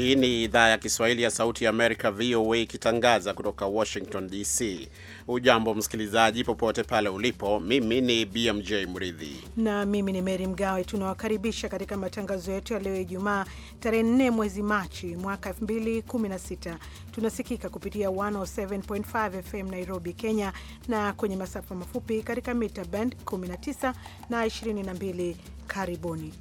Hii ni idhaa ya Kiswahili ya Sauti ya Amerika, VOA, ikitangaza kutoka Washington DC. ujambo msikilizaji, popote pale ulipo. Mimi ni BMJ Mridhi na mimi ni Mary Mgawe. Tunawakaribisha katika matangazo yetu ya leo Ijumaa, tarehe 4 mwezi Machi mwaka 2016. Tunasikika kupitia 107.5 FM Nairobi, Kenya, na kwenye masafa mafupi katika mita band 19 na 22. Karibuni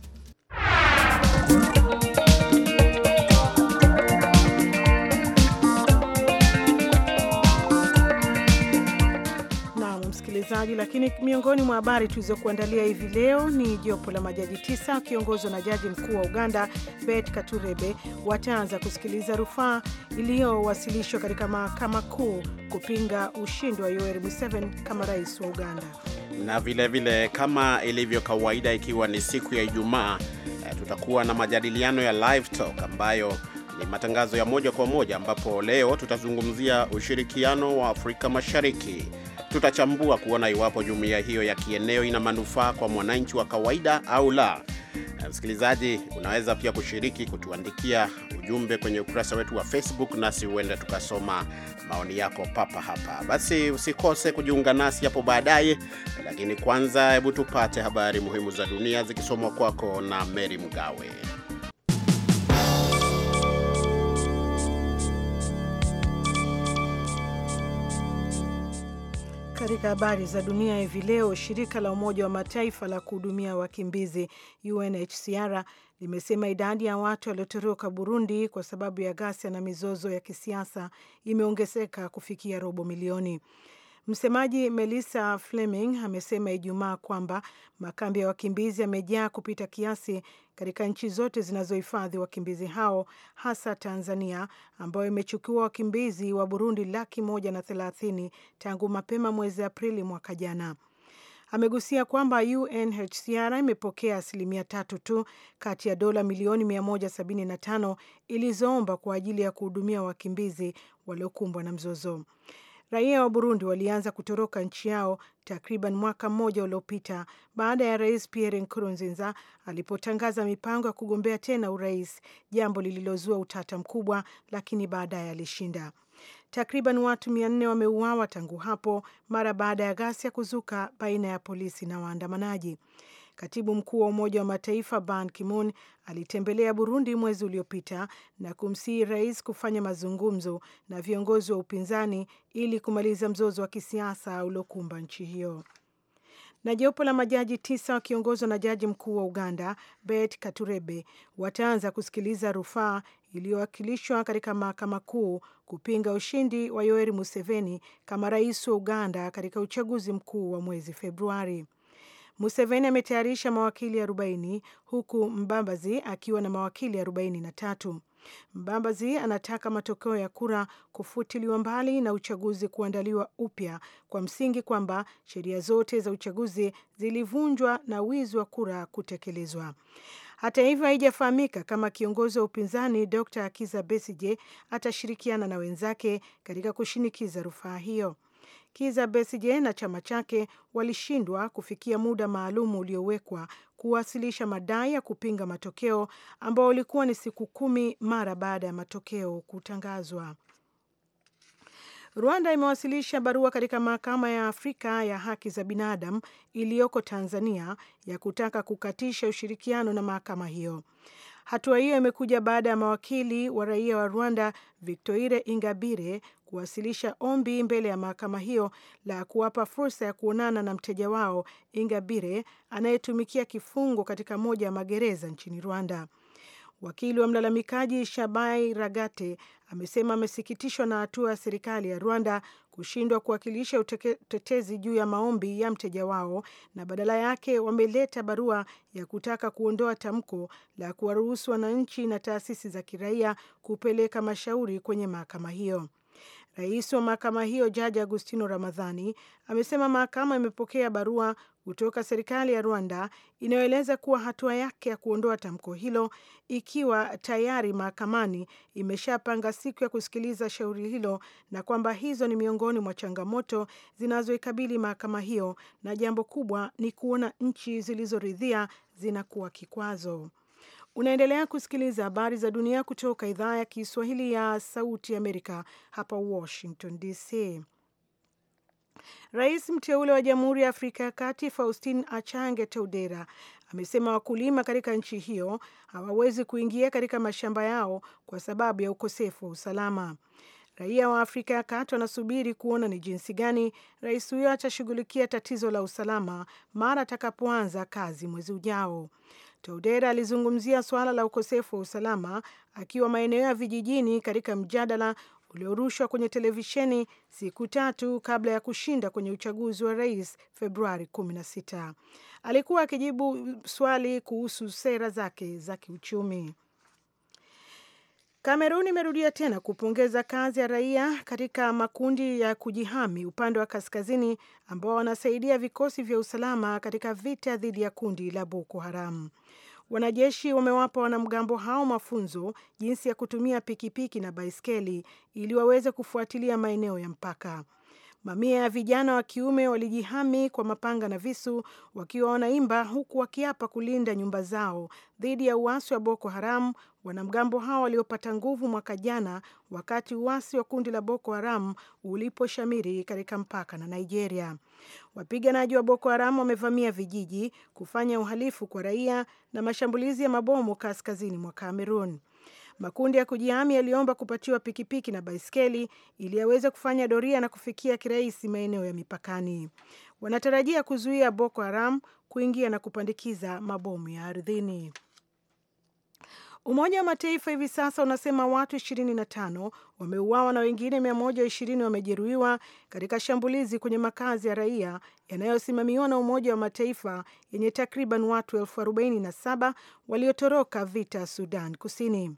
msikilizaji, lakini miongoni mwa habari tulizokuandalia hivi leo ni jopo la majaji tisa wakiongozwa na jaji mkuu wa Uganda Bet Katurebe wataanza kusikiliza rufaa iliyowasilishwa katika mahakama kuu kupinga ushindi wa Yoweri Museveni kama rais wa Uganda. Na vilevile vile, kama ilivyo kawaida, ikiwa ni siku ya Ijumaa, eh, tutakuwa na majadiliano ya live talk ambayo ni matangazo ya moja kwa moja ambapo leo tutazungumzia ushirikiano wa Afrika Mashariki Tutachambua kuona iwapo jumuiya hiyo ya kieneo ina manufaa kwa mwananchi wa kawaida au la. Msikilizaji, unaweza pia kushiriki kutuandikia ujumbe kwenye ukurasa wetu wa Facebook, nasi huenda tukasoma maoni yako papa hapa. Basi usikose kujiunga nasi hapo baadaye, lakini kwanza, hebu tupate habari muhimu za dunia zikisomwa kwako na Meri Mgawe. Katika habari za dunia hivi leo, shirika la Umoja wa Mataifa la kuhudumia wakimbizi UNHCR limesema idadi ya watu waliotoroka Burundi kwa sababu ya ghasia na mizozo ya kisiasa imeongezeka kufikia robo milioni. Msemaji Melissa Fleming amesema Ijumaa kwamba makambi ya wakimbizi yamejaa kupita kiasi katika nchi zote zinazohifadhi wakimbizi hao, hasa Tanzania ambayo imechukua wakimbizi wa Burundi laki moja na thelathini tangu mapema mwezi Aprili mwaka jana. Amegusia kwamba UNHCR imepokea asilimia tatu tu kati ya dola milioni 175 ilizoomba kwa ajili ya kuhudumia wakimbizi waliokumbwa na mzozo. Raia wa Burundi walianza kutoroka nchi yao takriban mwaka mmoja uliopita baada ya Rais Pierre Nkurunziza alipotangaza mipango ya kugombea tena urais, jambo lililozua utata mkubwa, lakini baadaye alishinda. Takriban watu mia nne wameuawa tangu hapo mara baada ya ghasia kuzuka baina ya polisi na waandamanaji. Katibu mkuu wa Umoja wa Mataifa Ban Ki-moon alitembelea Burundi mwezi uliopita na kumsihi rais kufanya mazungumzo na viongozi wa upinzani ili kumaliza mzozo wa kisiasa uliokumba nchi hiyo. Na jopo la majaji tisa wakiongozwa na jaji mkuu wa Uganda Bet Katurebe wataanza kusikiliza rufaa iliyowakilishwa katika mahakama kuu kupinga ushindi wa Yoweri Museveni kama rais wa Uganda katika uchaguzi mkuu wa mwezi Februari. Museveni ametayarisha mawakili 40 huku Mbambazi akiwa na mawakili 43. Mbambazi anataka matokeo ya kura kufutiliwa mbali na uchaguzi kuandaliwa upya kwa msingi kwamba sheria zote za uchaguzi zilivunjwa na wizi wa kura kutekelezwa. Hata hivyo, haijafahamika kama kiongozi wa upinzani Dr. Kizza Besigye atashirikiana na wenzake katika kushinikiza rufaa hiyo. Kiza Besije na chama chake walishindwa kufikia muda maalum uliowekwa kuwasilisha madai ya kupinga matokeo ambao ulikuwa ni siku kumi mara baada ya matokeo kutangazwa. Rwanda imewasilisha barua katika Mahakama ya Afrika ya Haki za Binadamu iliyoko Tanzania ya kutaka kukatisha ushirikiano na mahakama hiyo. Hatua hiyo imekuja baada ya mawakili wa raia wa Rwanda Victoire Ingabire kuwasilisha ombi mbele ya mahakama hiyo la kuwapa fursa ya kuonana na mteja wao Ingabire anayetumikia kifungo katika moja ya magereza nchini Rwanda. Wakili wa mlalamikaji Shabai Ragate amesema amesikitishwa na hatua ya serikali ya Rwanda kushindwa kuwakilisha utetezi juu ya maombi ya mteja wao na badala yake wameleta barua ya kutaka kuondoa tamko la kuwaruhusu wananchi na taasisi za kiraia kupeleka mashauri kwenye mahakama hiyo. Rais wa mahakama hiyo Jaji Agustino Ramadhani amesema mahakama imepokea barua kutoka serikali ya Rwanda inayoeleza kuwa hatua yake ya kuondoa tamko hilo, ikiwa tayari mahakamani imeshapanga siku ya kusikiliza shauri hilo, na kwamba hizo ni miongoni mwa changamoto zinazoikabili mahakama hiyo, na jambo kubwa ni kuona nchi zilizoridhia zinakuwa kikwazo. Unaendelea kusikiliza habari za dunia kutoka idhaa ya Kiswahili ya Sauti Amerika, hapa Washington DC. Rais mteule wa Jamhuri ya Afrika ya Kati Faustin Achange Toudera amesema wakulima katika nchi hiyo hawawezi kuingia katika mashamba yao kwa sababu ya ukosefu wa usalama. Raia wa Afrika ya Kati wanasubiri kuona ni jinsi gani rais huyo atashughulikia tatizo la usalama mara atakapoanza kazi mwezi ujao. Toudera alizungumzia suala la ukosefu wa usalama akiwa maeneo ya vijijini katika mjadala uliorushwa kwenye televisheni siku tatu kabla ya kushinda kwenye uchaguzi wa rais Februari 16. Alikuwa akijibu swali kuhusu sera zake za kiuchumi. Kamerun imerudia tena kupongeza kazi ya raia katika makundi ya kujihami upande wa kaskazini ambao wanasaidia vikosi vya usalama katika vita dhidi ya kundi la Boko Haram. Wanajeshi wamewapa wanamgambo hao mafunzo jinsi ya kutumia pikipiki na baiskeli ili waweze kufuatilia maeneo ya mpaka. Mamia ya vijana wa kiume walijihami kwa mapanga na visu wakiwa wanaimba huku wakiapa kulinda nyumba zao dhidi ya uasi wa Boko Haram. Wanamgambo hao waliopata nguvu mwaka jana wakati uasi wa kundi la Boko Haram uliposhamiri katika mpaka na Nigeria. Wapiganaji wa Boko Haram wamevamia vijiji, kufanya uhalifu kwa raia na mashambulizi ya mabomu kaskazini mwa Kamerun. Makundi ya kujihami yaliomba kupatiwa pikipiki na baiskeli ili yaweze kufanya doria na kufikia kirahisi maeneo ya mipakani. Wanatarajia kuzuia Boko Haram kuingia na kupandikiza mabomu ya ardhini. Umoja wa Mataifa hivi sasa unasema watu 25 wameuawa na wengine 120 wamejeruhiwa katika shambulizi kwenye makazi ya raia yanayosimamiwa na Umoja wa Mataifa yenye takriban watu 47 waliotoroka vita Sudan Kusini.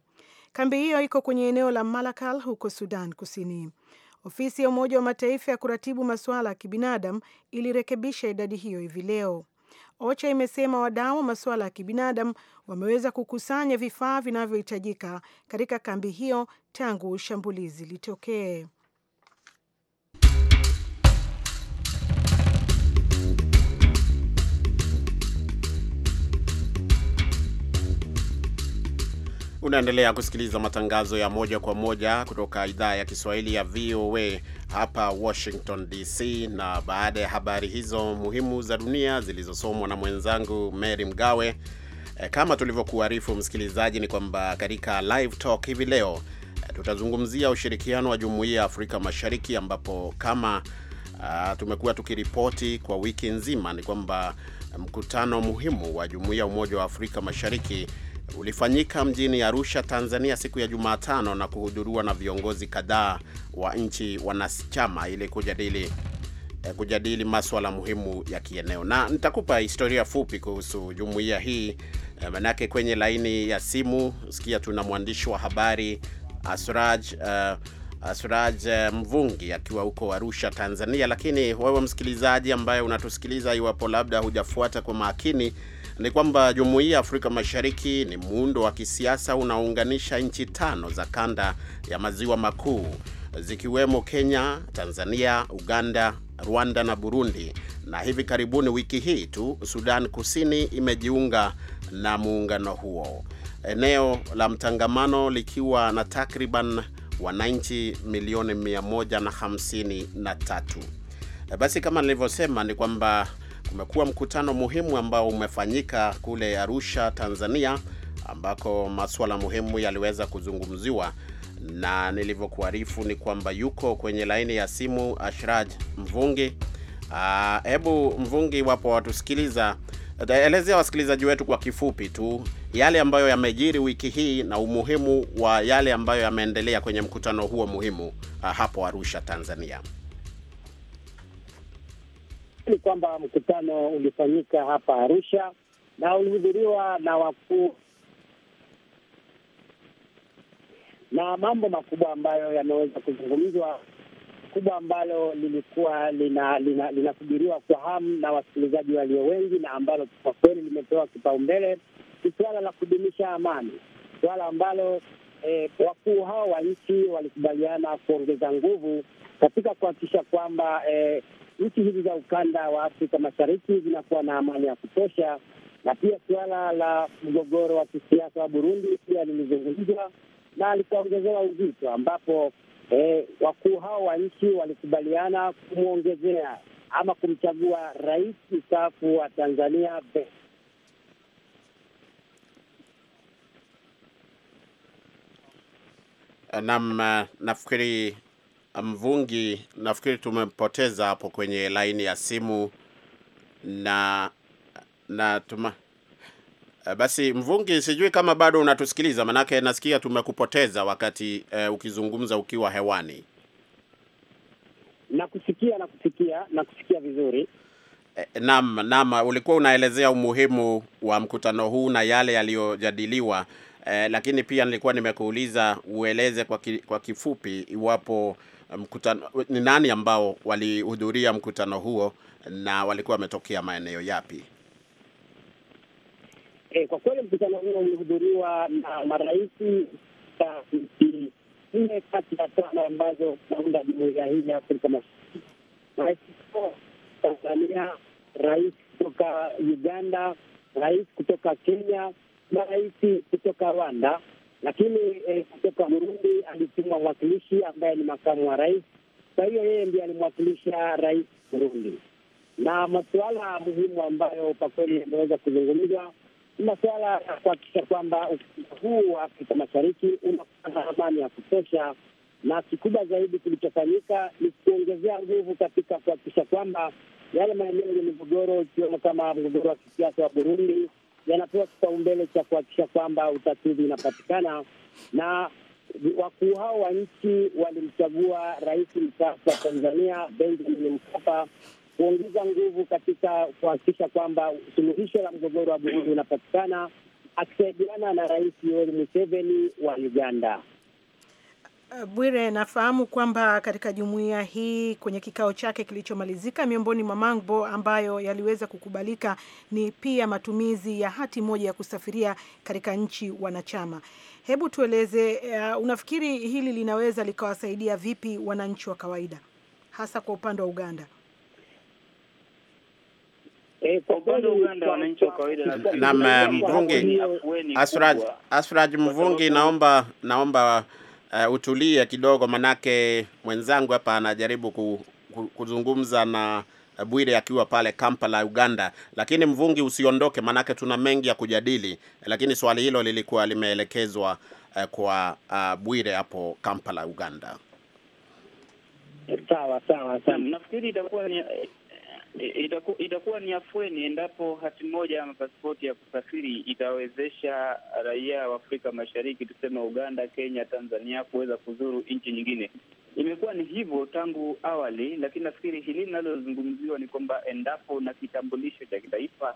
Kambi hiyo iko kwenye eneo la Malakal huko Sudan Kusini. Ofisi ya Umoja wa Mataifa ya kuratibu masuala ya kibinadamu ilirekebisha idadi hiyo hivi leo. OCHA imesema wadau wa masuala ya kibinadamu wameweza kukusanya vifaa vinavyohitajika katika kambi hiyo tangu shambulizi litokee. Unaendelea kusikiliza matangazo ya moja kwa moja kutoka idhaa ya Kiswahili ya VOA hapa Washington DC. Na baada ya habari hizo muhimu za dunia zilizosomwa na mwenzangu Mary Mgawe, eh, kama tulivyokuarifu msikilizaji, ni kwamba katika live talk hivi leo eh, tutazungumzia ushirikiano wa Jumuiya ya Afrika Mashariki, ambapo kama uh, tumekuwa tukiripoti kwa wiki nzima ni kwamba mkutano muhimu wa Jumuiya ya Umoja wa Afrika Mashariki ulifanyika mjini Arusha, Tanzania siku ya Jumatano na kuhudhuriwa na viongozi kadhaa wa nchi wanachama ili kujadili eh, kujadili maswala muhimu ya kieneo, na nitakupa historia fupi kuhusu jumuiya hii. Eh, manake kwenye laini ya simu sikia, tuna mwandishi wa habari Asraj, uh, Asraj Mvungi akiwa huko Arusha, Tanzania. Lakini wewe msikilizaji ambaye unatusikiliza, iwapo labda hujafuata kwa makini ni kwamba Jumuiya ya Afrika Mashariki ni muundo wa kisiasa unaounganisha nchi tano za kanda ya maziwa makuu zikiwemo Kenya, Tanzania, Uganda, Rwanda na Burundi. Na hivi karibuni wiki hii tu Sudan Kusini imejiunga na muungano huo, eneo la mtangamano likiwa na takriban wananchi milioni 153. Basi kama nilivyosema ni kwamba umekuwa mkutano muhimu ambao umefanyika kule Arusha, Tanzania, ambako masuala muhimu yaliweza kuzungumziwa, na nilivyokuarifu ni kwamba yuko kwenye laini ya simu Ashraj Mvungi. Ah, hebu Mvungi, wapo watusikiliza, elezea wasikilizaji wetu kwa kifupi tu yale ambayo yamejiri wiki hii na umuhimu wa yale ambayo yameendelea kwenye mkutano huo muhimu ah, hapo Arusha, Tanzania ni kwamba mkutano ulifanyika hapa Arusha na ulihudhuriwa na wakuu na mambo makubwa ambayo yameweza kuzungumzwa, kubwa ambalo lilikuwa linasubiriwa lina, lina kwa hamu na wasikilizaji walio wengi na ambalo kwa kweli limepewa kipaumbele ni suala la kudumisha amani, suala ambalo eh, wakuu hao wa nchi walikubaliana kuongeza nguvu katika kuhakikisha kwamba eh, nchi hizi za ukanda wa Afrika Mashariki zinakuwa na amani ya kutosha, na pia suala la mgogoro wa kisiasa wa Burundi pia lilizungumzwa na likaongezewa uzito, ambapo eh, wakuu hao wa nchi walikubaliana kumwongezea ama kumchagua rais mstaafu wa Tanzania be. Naam, eh, nafikiri Mvungi nafikiri tumempoteza hapo kwenye laini ya simu na na tuma eh, basi Mvungi, sijui kama bado unatusikiliza, manake nasikia tumekupoteza wakati eh, ukizungumza ukiwa hewani. Nakusikia, nakusikia, nakusikia vizuri. E, naam, naam, ulikuwa unaelezea umuhimu wa mkutano huu na yale yaliyojadiliwa, e, lakini pia nilikuwa nimekuuliza ueleze kwa, ki, kwa kifupi iwapo mkutano, ni nani ambao walihudhuria mkutano huo na walikuwa wametokea maeneo yapi? E, kwa kweli mkutano huo ulihudhuriwa na marais wa nchi nne kati ya tano ambazo zinaunda jumuiya hii ya Afrika Mashariki: rais kutoka Tanzania, rais kutoka Uganda, rais kutoka Kenya na rais kutoka Rwanda lakini eh, kutoka Burundi alituma mwakilishi ambaye ni makamu wa rais. Kwa hiyo yeye ndiye alimwakilisha rais Burundi, na masuala muhimu ambayo kwa kweli yameweza kuzungumzwa ni masuala ya kuhakikisha kwamba ukanda huu wa Afrika Mashariki unakuwa amani ya kutosha, na kikubwa zaidi kilichofanyika ni kuongezea nguvu katika kuhakikisha kwamba yale maeneo yenye migogoro ikiwemo kama mgogoro wa kisiasa wa Burundi yanapewa kipaumbele cha kuhakikisha kwamba utatuzi unapatikana, na wakuu hao wa nchi walimchagua rais mstaafu wa Tanzania Benjamin Mkapa kuongeza nguvu katika kuhakikisha kwamba suluhisho la mgogoro wa Burundi unapatikana akisaidiana na Rais Yoweri Museveni wa Uganda. Bwire, nafahamu kwamba katika jumuiya hii kwenye kikao chake kilichomalizika, miongoni mwa mambo ambayo yaliweza kukubalika ni pia matumizi ya hati moja ya kusafiria katika nchi wanachama. Hebu tueleze, uh, unafikiri hili linaweza likawasaidia vipi wananchi wa kawaida hasa kwa upande wa Uganda? E, kwa upande eh, Mvungi, Asraj Mvungi, naomba naomba uh, utulie kidogo, manake mwenzangu hapa anajaribu ku, ku, kuzungumza na Bwire akiwa pale Kampala Uganda. Lakini Mvungi, usiondoke, manake tuna mengi ya kujadili, lakini swali hilo lilikuwa limeelekezwa uh, kwa uh, Bwire hapo Kampala Uganda. Sawa sawa sawa, nafikiri itakuwa ni itaku, itakuwa ni afueni endapo hati moja ama pasipoti ya kusafiri itawezesha raia wa Afrika Mashariki, tuseme Uganda, Kenya, Tanzania, kuweza kuzuru nchi nyingine. Imekuwa ni hivyo tangu awali, lakini nafikiri hili linalozungumziwa ni kwamba endapo na kitambulisho cha kitaifa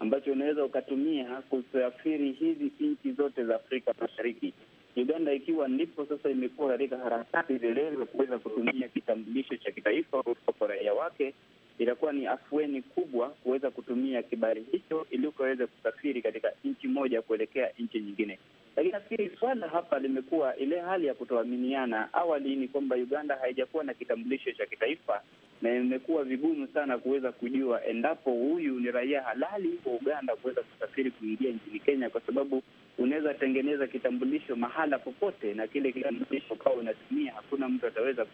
ambacho unaweza ukatumia kusafiri hizi nchi zote za Afrika Mashariki, Uganda ikiwa ndipo sasa imekuwa katika harakati vileleza kuweza kutumia kitambulisho cha kitaifa kwa raia wake itakuwa ni afueni kubwa kuweza kutumia kibali hicho ili ukaweze kusafiri katika nchi moja kuelekea nchi nyingine. Lakini nafikiri swala hapa limekuwa ile hali ya kutoaminiana. Awali ni kwamba Uganda haijakuwa na kitambulisho cha kitaifa, na imekuwa vigumu sana kuweza kujua endapo huyu ni raia halali wa Uganda kuweza kusafiri kuingia nchini Kenya, kwa sababu unaweza tengeneza kitambulisho mahala popote, na kile kitambulisho kawa unatumia, hakuna mtu ataweza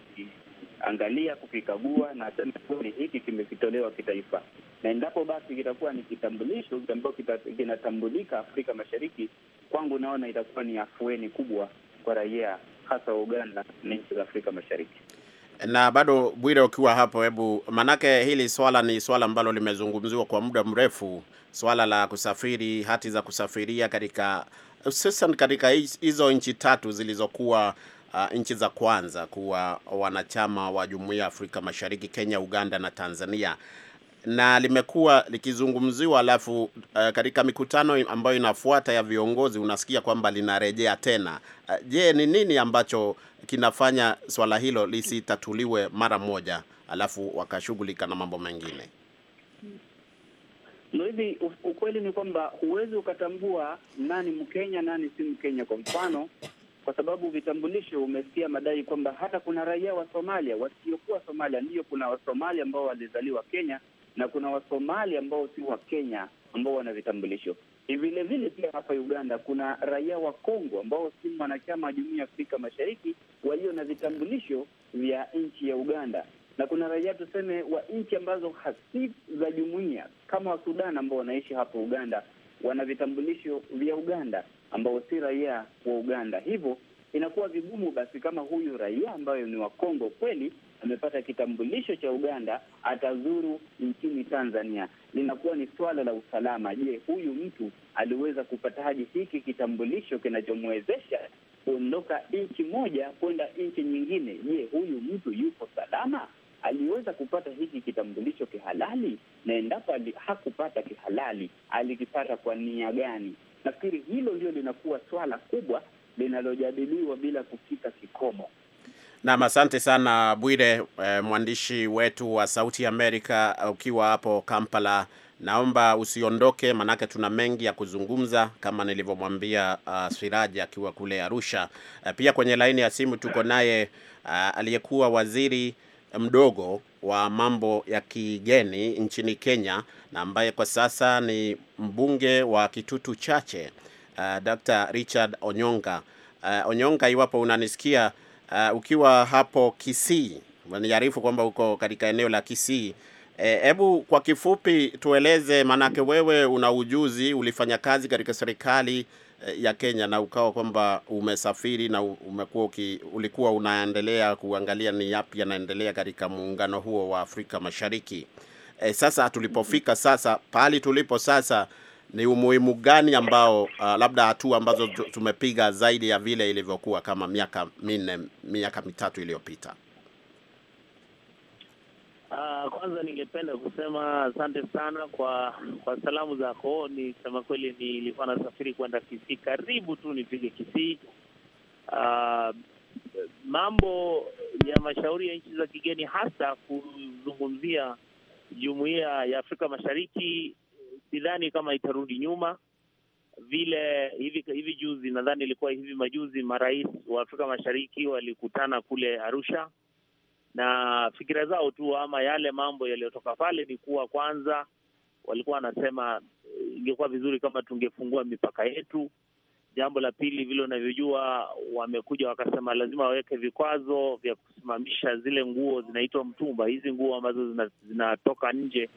kukiangalia, kukikagua na sema kweli hiki kimekitolewa kitaifa, na endapo basi kitakuwa ni kitambulisho ambayo kinatambulika Afrika Mashariki, kwangu naona itakuwa ni afueni kubwa kwa raia hasa wa Uganda na nchi za Afrika Mashariki. Na bado Bwire, ukiwa hapo, hebu manake, hili swala ni swala ambalo limezungumziwa kwa muda mrefu, swala la kusafiri, hati za kusafiria katika hususan katika hizo nchi tatu zilizokuwa uh, nchi za kwanza kuwa wanachama wa Jumuiya ya Afrika Mashariki, Kenya, Uganda na Tanzania na limekuwa likizungumziwa, alafu uh, katika mikutano ambayo inafuata ya viongozi unasikia kwamba linarejea tena. Uh, je, ni nini ambacho kinafanya swala hilo lisitatuliwe mara moja, alafu wakashughulika na mambo mengine? Ndio hivi, ukweli ni kwamba huwezi ukatambua nani Mkenya nani si Mkenya. Kwa mfano kwa sababu vitambulisho, umesikia madai kwamba hata kuna raia wa Somalia wasiokuwa Somalia. Ndiyo, kuna wasomali ambao walizaliwa Kenya na kuna Wasomalia ambao si wa Kenya ambao wana vitambulisho. Vile vile pia hapa Uganda kuna raia wa Kongo ambao si mwanachama wa Jumuiya ya Afrika Mashariki walio na vitambulisho vya nchi ya Uganda, na kuna raia tuseme wa nchi ambazo hasi za jumuiya kama wa Sudan ambao wanaishi hapa Uganda wana vitambulisho vya Uganda ambao si raia wa Uganda. Hivyo inakuwa vigumu basi, kama huyu raia ambayo ni wa Kongo kweli amepata kitambulisho cha Uganda atazuru nchini Tanzania, linakuwa ni swala la usalama. Je, huyu mtu aliweza kupataje hiki kitambulisho kinachomwezesha kuondoka nchi moja kwenda nchi nyingine? Je, huyu mtu yupo salama? Aliweza kupata hiki kitambulisho kihalali? Na endapo hakupata kihalali, alikipata kwa nia gani? Nafikiri hilo ndio linakuwa swala kubwa linalojadiliwa bila kufika kikomo. Nam, asante sana Bwire, eh, mwandishi wetu wa Sauti ya Amerika ukiwa hapo Kampala. Naomba usiondoke, manake tuna mengi ya kuzungumza, kama nilivyomwambia uh, Siraji akiwa kule Arusha. Uh, pia kwenye laini ya simu tuko naye uh, aliyekuwa waziri mdogo wa mambo ya kigeni nchini Kenya na ambaye kwa sasa ni mbunge wa Kitutu Chache, uh, Dr. Richard Onyonga. Uh, Onyonga, iwapo unanisikia uh, ukiwa hapo Kisii, unaniarifu kwamba uko katika eneo la Kisii. Eh, hebu kwa kifupi tueleze, maanake wewe una ujuzi, ulifanya kazi katika serikali Eh, ya Kenya na ukawa kwamba umesafiri na umekuwa ulikuwa unaendelea kuangalia ni yapi yanaendelea katika muungano huo wa Afrika Mashariki. E, sasa tulipofika sasa pahali tulipo sasa ni umuhimu gani ambao uh, labda hatua ambazo tumepiga zaidi ya vile ilivyokuwa kama miaka minne miaka mitatu iliyopita? Uh, kwanza ningependa kusema asante sana kwa kwa salamu zako. Nisema kweli, nilikuwa nasafiri kwenda Kisii, karibu tu nifike Kisii. Uh, mambo ya mashauri ya nchi za kigeni, hasa kuzungumzia jumuiya ya Afrika Mashariki, sidhani kama itarudi nyuma vile. Hivi hivi juzi, nadhani ilikuwa hivi majuzi, marais wa Afrika Mashariki walikutana kule Arusha na fikira zao tu ama yale mambo yaliyotoka pale ni kuwa kwanza, walikuwa wanasema eh, ingekuwa vizuri kama tungefungua mipaka yetu. Jambo la pili, vile unavyojua, wamekuja wakasema lazima waweke vikwazo vya kusimamisha zile nguo zinaitwa mtumba, hizi nguo ambazo zina, zinatoka nje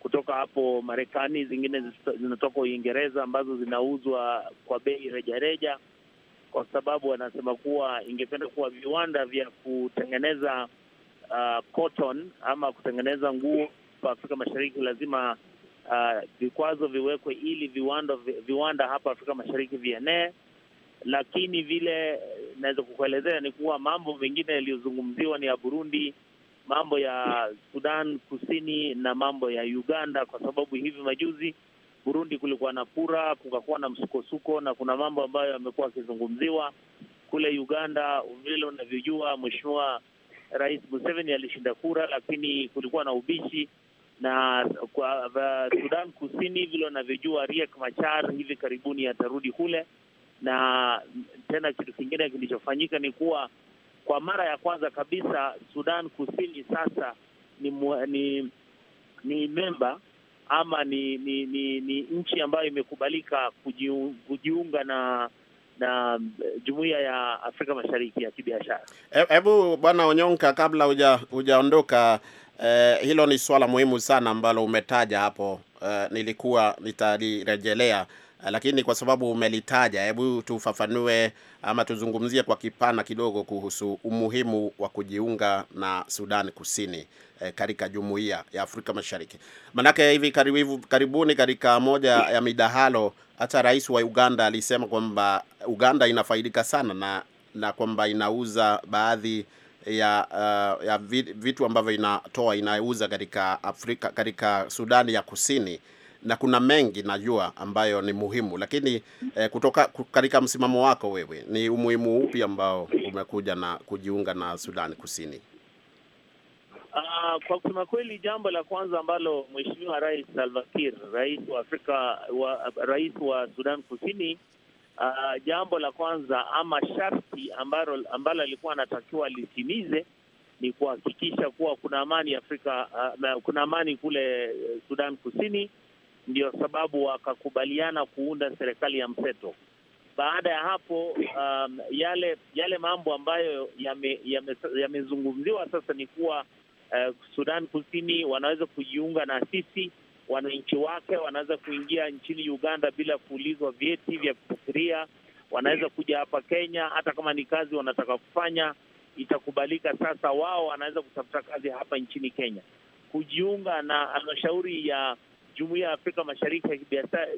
kutoka hapo Marekani, zingine zinatoka Uingereza ambazo zinauzwa kwa bei rejareja, kwa sababu wanasema kuwa ingependa kuwa viwanda vya kutengeneza uh, cotton ama kutengeneza nguo pa Afrika Mashariki lazima uh, vikwazo viwekwe ili viwanda, viwanda hapa Afrika Mashariki vienee. Lakini vile naweza kukuelezea ni kuwa mambo mengine yaliyozungumziwa ni ya Burundi, mambo ya Sudan Kusini na mambo ya Uganda, kwa sababu hivi majuzi Burundi kulikuwa na kura, kukakuwa na msukosuko na kuna mambo ambayo yamekuwa akizungumziwa kule Uganda. Vile unavyojua mheshimiwa Rais Museveni alishinda kura, lakini kulikuwa na ubishi na kwa uh, Sudan Kusini vile wanavyojua, Riek Machar hivi karibuni atarudi kule. Na tena kitu kingine kilichofanyika ni kuwa kwa mara ya kwanza kabisa Sudan Kusini sasa ni ni, ni memba ama ni, ni, ni, ni nchi ambayo imekubalika kujiunga na na um, jumuiya ya Afrika Mashariki ya kibiashara. Hebu e, bwana Onyonka, kabla hujaondoka, eh, hilo ni swala muhimu sana ambalo umetaja hapo, eh, nilikuwa nitalirejelea lakini kwa sababu umelitaja, hebu tufafanue ama tuzungumzie kwa kipana kidogo kuhusu umuhimu wa kujiunga na Sudan Kusini e, katika jumuiya ya Afrika Mashariki. Manake hivi karibuni katika moja ya midahalo hata rais wa Uganda alisema kwamba Uganda inafaidika sana na na kwamba inauza baadhi ya uh, ya vitu ambavyo inatoa inauza katika Afrika katika Sudani ya Kusini na kuna mengi najua ambayo ni muhimu, lakini eh, kutoka katika msimamo wako wewe, ni umuhimu upi ambao umekuja na kujiunga na Sudani Kusini? Uh, kwa kusema kweli, jambo la kwanza ambalo Mheshimiwa Rais Salva Kiir, rais wa Afrika wa, rais wa Sudan Kusini, uh, jambo la kwanza ama sharti ambalo, ambalo alikuwa anatakiwa litimize ni kuhakikisha kuwa kuna amani Afrika, uh, kuna amani kule eh, Sudan Kusini. Ndio sababu wakakubaliana kuunda serikali ya mseto. Baada ya hapo, um, yale yale mambo ambayo yamezungumziwa yame, yame sasa ni kuwa eh, Sudan Kusini wanaweza kujiunga na sisi, wananchi wake wanaweza kuingia nchini Uganda bila kuulizwa vyeti vya kufikiria, wanaweza kuja hapa Kenya hata kama ni kazi wanataka kufanya itakubalika. Sasa wao wanaweza kutafuta kazi hapa nchini Kenya. Kujiunga na halmashauri ya Jumuiya ya Afrika Mashariki ya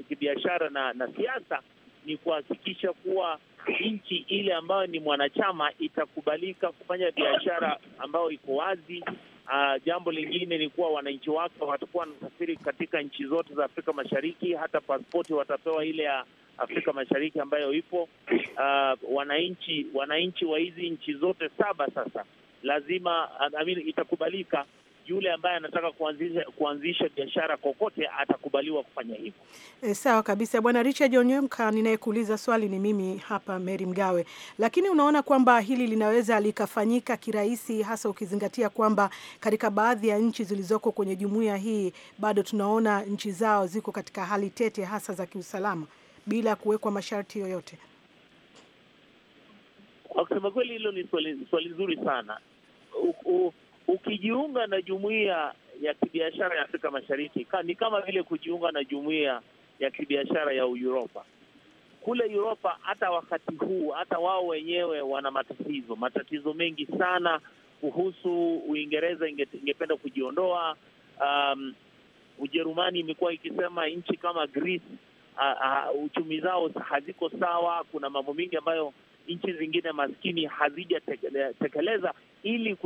kibiashara na, na siasa ni kuhakikisha kuwa nchi ile ambayo ni mwanachama itakubalika kufanya biashara ambayo iko wazi, Uh, jambo lingine ni kuwa wananchi wake watakuwa wanasafiri katika nchi zote za Afrika Mashariki, hata paspoti watapewa ile ya Afrika Mashariki ambayo ipo. Uh, wananchi wananchi wa hizi nchi zote saba sasa lazima I mean, itakubalika yule ambaye anataka kuanzisha, kuanzisha biashara kokote atakubaliwa kufanya hivyo. E, sawa kabisa Bwana Richard Onyemka, ninayekuuliza swali ni mimi hapa Mary Mgawe, lakini unaona kwamba hili linaweza likafanyika kirahisi, hasa ukizingatia kwamba katika baadhi ya nchi zilizoko kwenye jumuiya hii bado tunaona nchi zao ziko katika hali tete, hasa za kiusalama, bila kuwekwa masharti yoyote. Kwa kusema kweli, hilo ni swali, swali zuri sana. U, u, ukijiunga na jumuiya ya kibiashara ya Afrika Mashariki ni kama vile kujiunga na jumuiya ya kibiashara ya Uropa. Kule Uropa hata wakati huu, hata wao wenyewe wana matatizo, matatizo mengi sana kuhusu Uingereza inge, ingependa kujiondoa. Um, Ujerumani imekuwa ikisema nchi kama Greece uh, uh, uchumi zao haziko sawa. Kuna mambo mengi ambayo nchi zingine maskini hazijatekeleza ili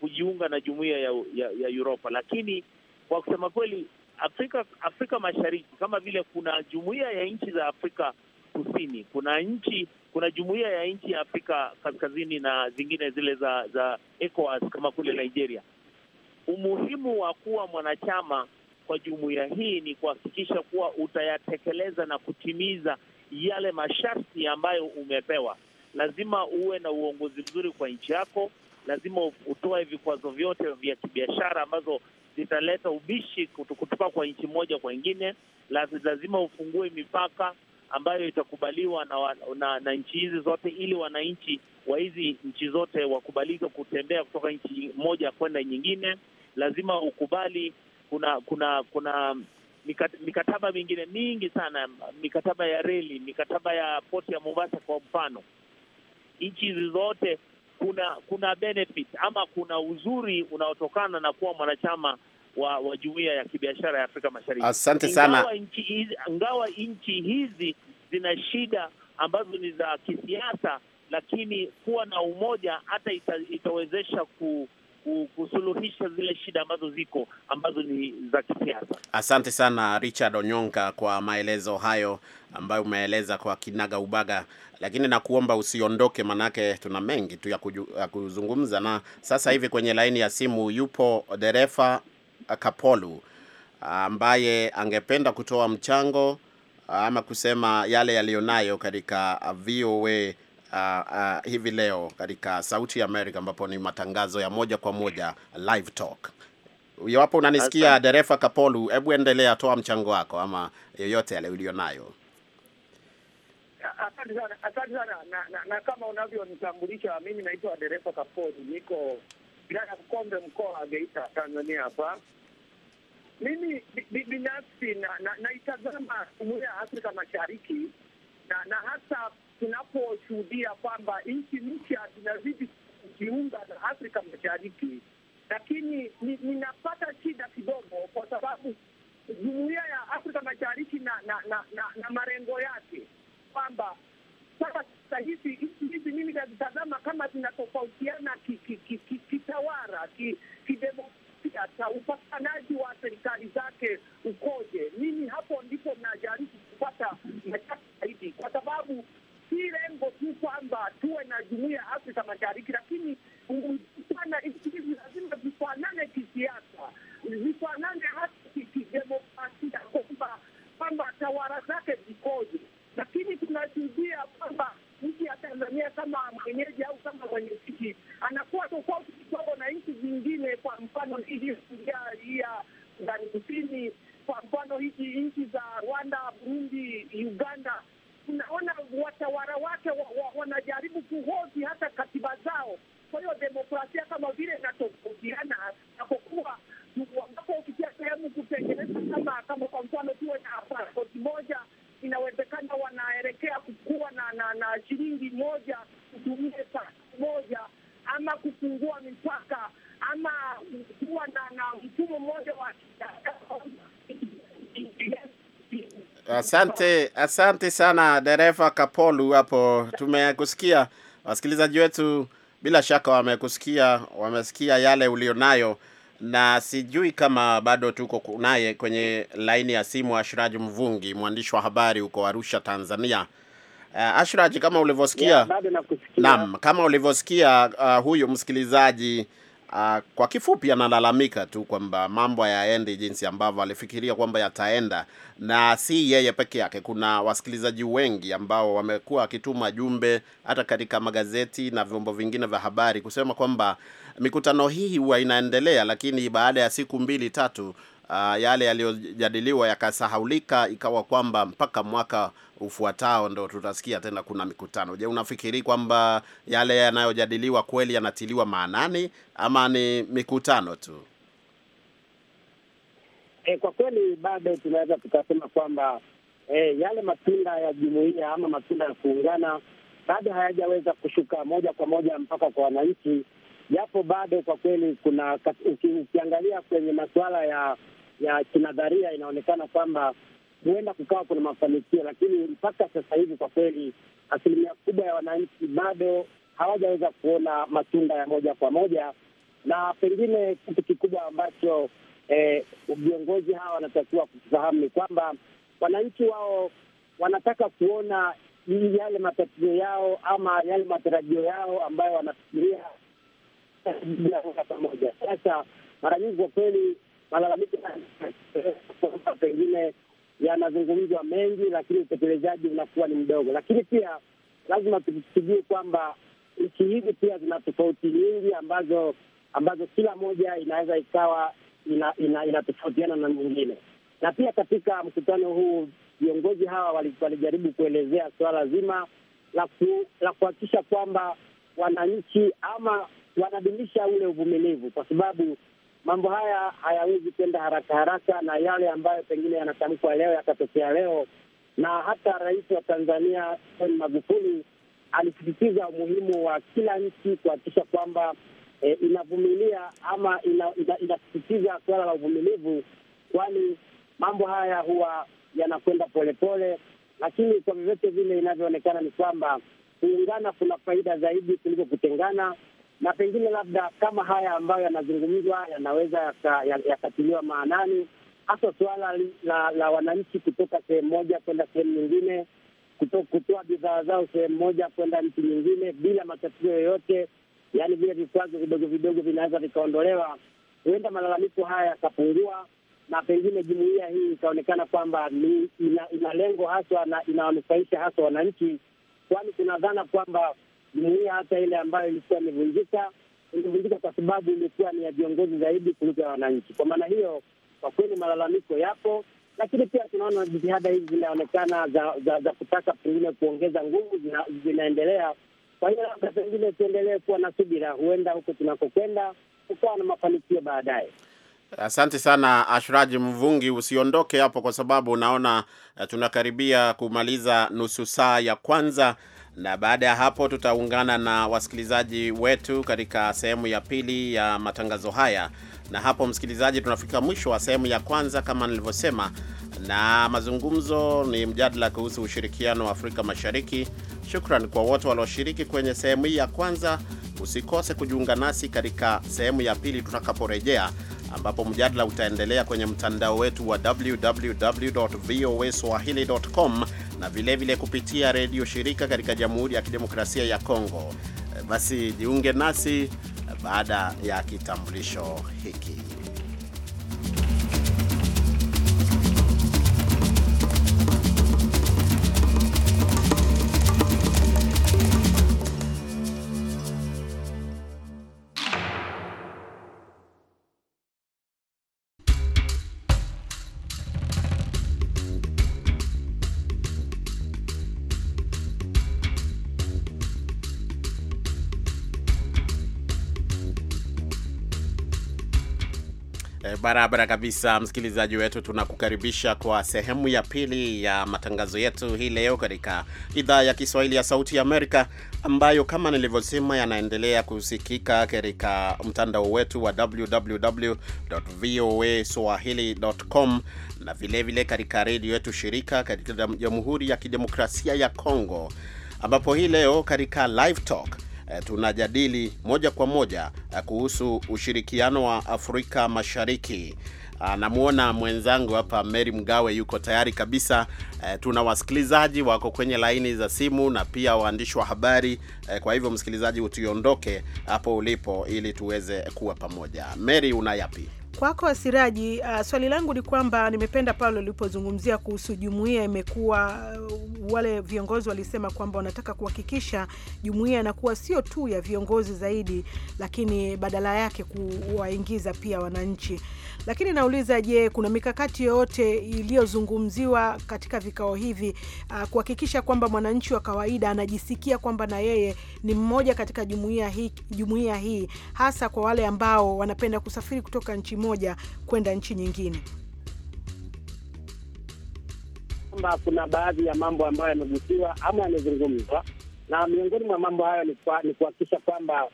kujiunga na jumuiya ya, ya, ya Uropa. Lakini kwa kusema kweli, Afrika Afrika Mashariki, kama vile kuna jumuiya ya nchi za Afrika Kusini, kuna nchi kuna jumuiya ya nchi ya Afrika Kaskazini na zingine zile za za ECOWAS kama kule Nigeria. Umuhimu wa kuwa mwanachama kwa jumuiya hii ni kuhakikisha kuwa utayatekeleza na kutimiza yale masharti ambayo umepewa. Lazima uwe na uongozi mzuri kwa nchi yako, lazima utoe vikwazo vyote vya kibiashara ambazo zitaleta ubishi kutoka kwa nchi moja kwa ingine. Lazima ufungue mipaka ambayo itakubaliwa na, na, na nchi hizi zote, ili wananchi wa hizi nchi zote wakubalike kutembea kutoka nchi moja kwenda nyingine. Lazima ukubali kuna kuna kuna mikataba mingine mingi sana, mikataba ya reli, mikataba ya poti ya Mombasa kwa mfano. Nchi hizi zote kuna kuna benefit ama kuna uzuri unaotokana na kuwa mwanachama wa, wa jumuiya ya kibiashara ya Afrika Mashariki. Asante sana. Ingawa nchi hizi zina shida ambazo ni za kisiasa, lakini kuwa na umoja hata ita, itawezesha ku kusuluhisha zile shida ambazo ziko ambazo ni za kisiasa. Asante sana Richard Onyonka kwa maelezo hayo ambayo umeeleza kwa kinaga ubaga, lakini nakuomba usiondoke, manake tuna mengi tu ya kuzungumza. Na sasa hivi kwenye laini ya simu yupo dereva Kapolu ambaye angependa kutoa mchango ama kusema yale yaliyonayo katika VOA uh, uh, hivi leo katika Sauti ya Amerika, ambapo ni matangazo ya moja kwa moja live talk. Iwapo unanisikia Asa. dereva Kapolu, hebu endelea, toa mchango wako ama yoyote yale ulio nayo. Asante sana, asante sana na, na, na kama unavyonitambulisha, mimi naitwa dereva Kapolu, niko wilaya ya Bukombe, mkoa wa Geita, Tanzania hapa. Mimi binafsi naitazama na, na jumuiya ya Afrika Mashariki na, na hasa tunaposhuhudia kwamba nchi mpya zinazidi kujiunga na Afrika Mashariki, lakini ninapata shida kidogo, kwa sababu jumuiya ya Afrika Mashariki na na, na, na, na marengo yake kwamba sasa sahizi nchi hizi mimi nazitazama kama zinatofautiana kitawara, ki, kidemokrasia ta upatikanaji wa serikali zake ukoje. Mimi hapo ndipo najaribu kupata mashaka zaidi, kwa sababu si lengo tu kwamba tuwe na jumuia ya Afrika Mashariki, lakini ana nchi hizi lazima zifanane kisiasa, zifanane hata kidemokrasia, kwamba kwamba tawara zake zikoje. Lakini tunashuhudia kwamba nchi ya Tanzania kama mwenyeji au kama mwenyekiti anakuwa tofauti kidogo na nchi zingine. Kwa mfano hii ya Sudani Kusini, kwa mfano hizi nchi za Rwanda, Burundi, Uganda tunaona watawala wake wanajaribu wa, wa kuhoji hata katiba zao. Kwa hiyo demokrasia kama vile inatofautiana, napokuwa ambapo ukitia sehemu kutengeneza kama kama kwa mfano tuwe na pasipoti moja, inawezekana wanaelekea kukuwa na, na, na shilingi moja kutumie pasipoti moja ama kufungua mipaka ama kuwa na, na mfumo mmoja wa Asante, asante sana dereva Kapolu hapo. Tumekusikia, wasikilizaji wetu bila shaka wamekusikia, wamesikia yale ulionayo, na sijui kama bado tuko naye kwenye laini ya simu Ashraj Mvungi, mwandishi wa habari huko Arusha, Tanzania. Uh, Ashraj, kama ulivyosikia, naam, kama ulivyosikia uh, huyu msikilizaji Uh, kwa kifupi analalamika tu kwamba mambo hayaendi jinsi ambavyo alifikiria kwamba yataenda, na si yeye peke yake. Kuna wasikilizaji wengi ambao wamekuwa wakituma jumbe hata katika magazeti na vyombo vingine vya habari kusema kwamba mikutano hii huwa inaendelea, lakini baada ya siku mbili tatu uh, yale yaliyojadiliwa yakasahaulika, ikawa kwamba mpaka mwaka ufuatao ndo tutasikia tena kuna mikutano. Je, unafikiri kwamba yale yanayojadiliwa kweli yanatiliwa maanani ama ni mikutano tu? E, kwa kweli bado tunaweza tukasema kwamba e, yale matunda ya jumuiya ama matunda ya kuungana bado hayajaweza kushuka moja kwa moja mpaka kwa wananchi, japo bado kwa kweli kuna uki, ukiangalia kwenye masuala ya ya kinadharia inaonekana kwamba huenda kukawa kuna mafanikio, lakini mpaka sasa hivi kwa kweli asilimia kubwa ya wananchi bado hawajaweza kuona matunda ya moja kwa moja, na pengine kitu kikubwa ambacho eh, viongozi eh, hawa wanatakiwa kufahamu ni kwamba wananchi wao wanataka kuona yale matatizo yao ama yale matarajio yao ambayo wanafikiria pamoja. Sasa mara nyingi kwa kweli malalamiko pengine yanazungumzwa mengi, lakini utekelezaji unakuwa ni mdogo. Lakini pia lazima tujue kwamba nchi hizi pia zina tofauti nyingi ambazo ambazo kila moja inaweza ikawa inatofautiana ina, ina na nyingine. Na pia katika mkutano huu viongozi hawa walijaribu kuelezea suala zima la kuhakikisha kwamba wananchi ama wanadumisha ule uvumilivu, kwa sababu mambo haya hayawezi kwenda haraka haraka, na yale ambayo pengine yanatamkwa leo yakatokea leo. Na hata rais wa Tanzania John Magufuli alisisitiza umuhimu wa kila nchi kuhakikisha kwamba e, inavumilia ama inasisitiza suala la uvumilivu, kwani mambo haya huwa yanakwenda polepole, lakini kwa vyovyote vile inavyoonekana ni kwamba kuungana kuna faida zaidi kuliko kutengana na pengine labda kama haya ambayo yanazungumzwa yanaweza yakatiliwa ya, ya maanani, hasa suala la, la, la wananchi kutoka sehemu moja kwenda sehemu nyingine, kutoa bidhaa zao sehemu moja kwenda nchi nyingine bila matatizo yoyote, yaani vile vikwazo vidogo vidogo vinaweza vikaondolewa, huenda malalamiko haya yakapungua na pengine jumuiya hii ikaonekana kwamba ina, ina lengo haswa na inawanufaisha haswa wananchi, kwani kuna dhana kwamba jumuia hata ile ambayo ilikuwa imevunjika ilivunjika kwa sababu ilikuwa ni ya viongozi zaidi kuliko ya wananchi. Kwa maana hiyo, kwa kweli malalamiko yapo, lakini pia tunaona jitihada hizi zinaonekana za, za, za kutaka pengine kuongeza nguvu zina, zinaendelea. Kwa hiyo labda pengine tuendelee kuwa na subira, huenda huko tunakokwenda kukawa na mafanikio baadaye. Asante sana Ashraji Mvungi, usiondoke hapo, kwa sababu unaona eh, tunakaribia kumaliza nusu saa ya kwanza na baada ya hapo tutaungana na wasikilizaji wetu katika sehemu ya pili ya matangazo haya. Na hapo, msikilizaji, tunafika mwisho wa sehemu ya kwanza kama nilivyosema, na mazungumzo ni mjadala kuhusu ushirikiano wa Afrika Mashariki. Shukran kwa wote walioshiriki kwenye sehemu hii ya kwanza. Usikose kujiunga nasi katika sehemu ya pili tutakaporejea, ambapo mjadala utaendelea kwenye mtandao wetu wa www voa swahili.com na vilevile vile kupitia redio shirika katika Jamhuri ya Kidemokrasia ya Kongo. Basi jiunge nasi baada ya kitambulisho hiki. Barabara kabisa, msikilizaji wetu, tunakukaribisha kwa sehemu ya pili ya matangazo yetu hii leo katika idhaa ya Kiswahili ya Sauti ya Amerika, ambayo kama nilivyosema, yanaendelea kusikika katika mtandao wetu wa swahili.com na vilevile katika redio yetu shirika katika Jamhuri ya Kidemokrasia ya Kongo, ambapo hii leo katika Live Talk Eh, tunajadili moja kwa moja eh, kuhusu ushirikiano wa Afrika Mashariki. Ah, namwona mwenzangu hapa Mary Mgawe yuko tayari kabisa. E, tuna wasikilizaji wako kwenye laini za simu na pia waandishi wa habari e, kwa hivyo msikilizaji, usiondoke hapo ulipo ili tuweze kuwa pamoja. Mary, una yapi? Kwako Asiraji, uh, swali langu ni kwamba nimependa pale ulipozungumzia kuhusu jumuiya imekuwa, uh, wale viongozi walisema kwamba wanataka kuhakikisha jumuiya inakuwa sio tu ya viongozi zaidi, lakini badala yake kuwaingiza pia wananchi. Lakini nauliza, je, kuna mikakati yoyote iliyozungumziwa katika vikao hivi uh, kuhakikisha kwamba mwananchi wa kawaida anajisikia kwamba na yeye ni mmoja katika jumuiya hii, jumuiya hii hasa kwa wale ambao wanapenda kusafiri kutoka nchi moja kwenda nchi nyingine? Kwamba kuna baadhi ya mambo ambayo yamegusiwa ama yamezungumzwa, na miongoni mwa mambo hayo ni kuhakikisha kwamba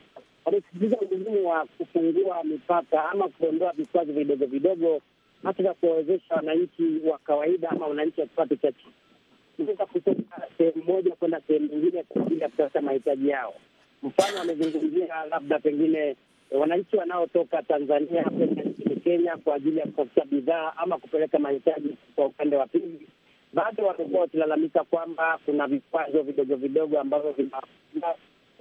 walisisitiza umuhimu wa kufungua mipaka ama kuondoa vikwazo vidogo vidogo, hata kuwawezesha wananchi wa kawaida ama wananchi wa kipato cha chini kuweza kutoka sehemu moja kwenda sehemu nyingine kwa ajili ya kutafuta mahitaji yao. Mfano, wamezungumzia labda pengine wananchi wanaotoka Tanzania kwenda nchini Kenya kwa ajili ya kutafuta bidhaa ama kupeleka mahitaji kwa upande wa pili, bado wamekuwa wakilalamika kwamba kuna vikwazo vidogo vidogo ambavyo vina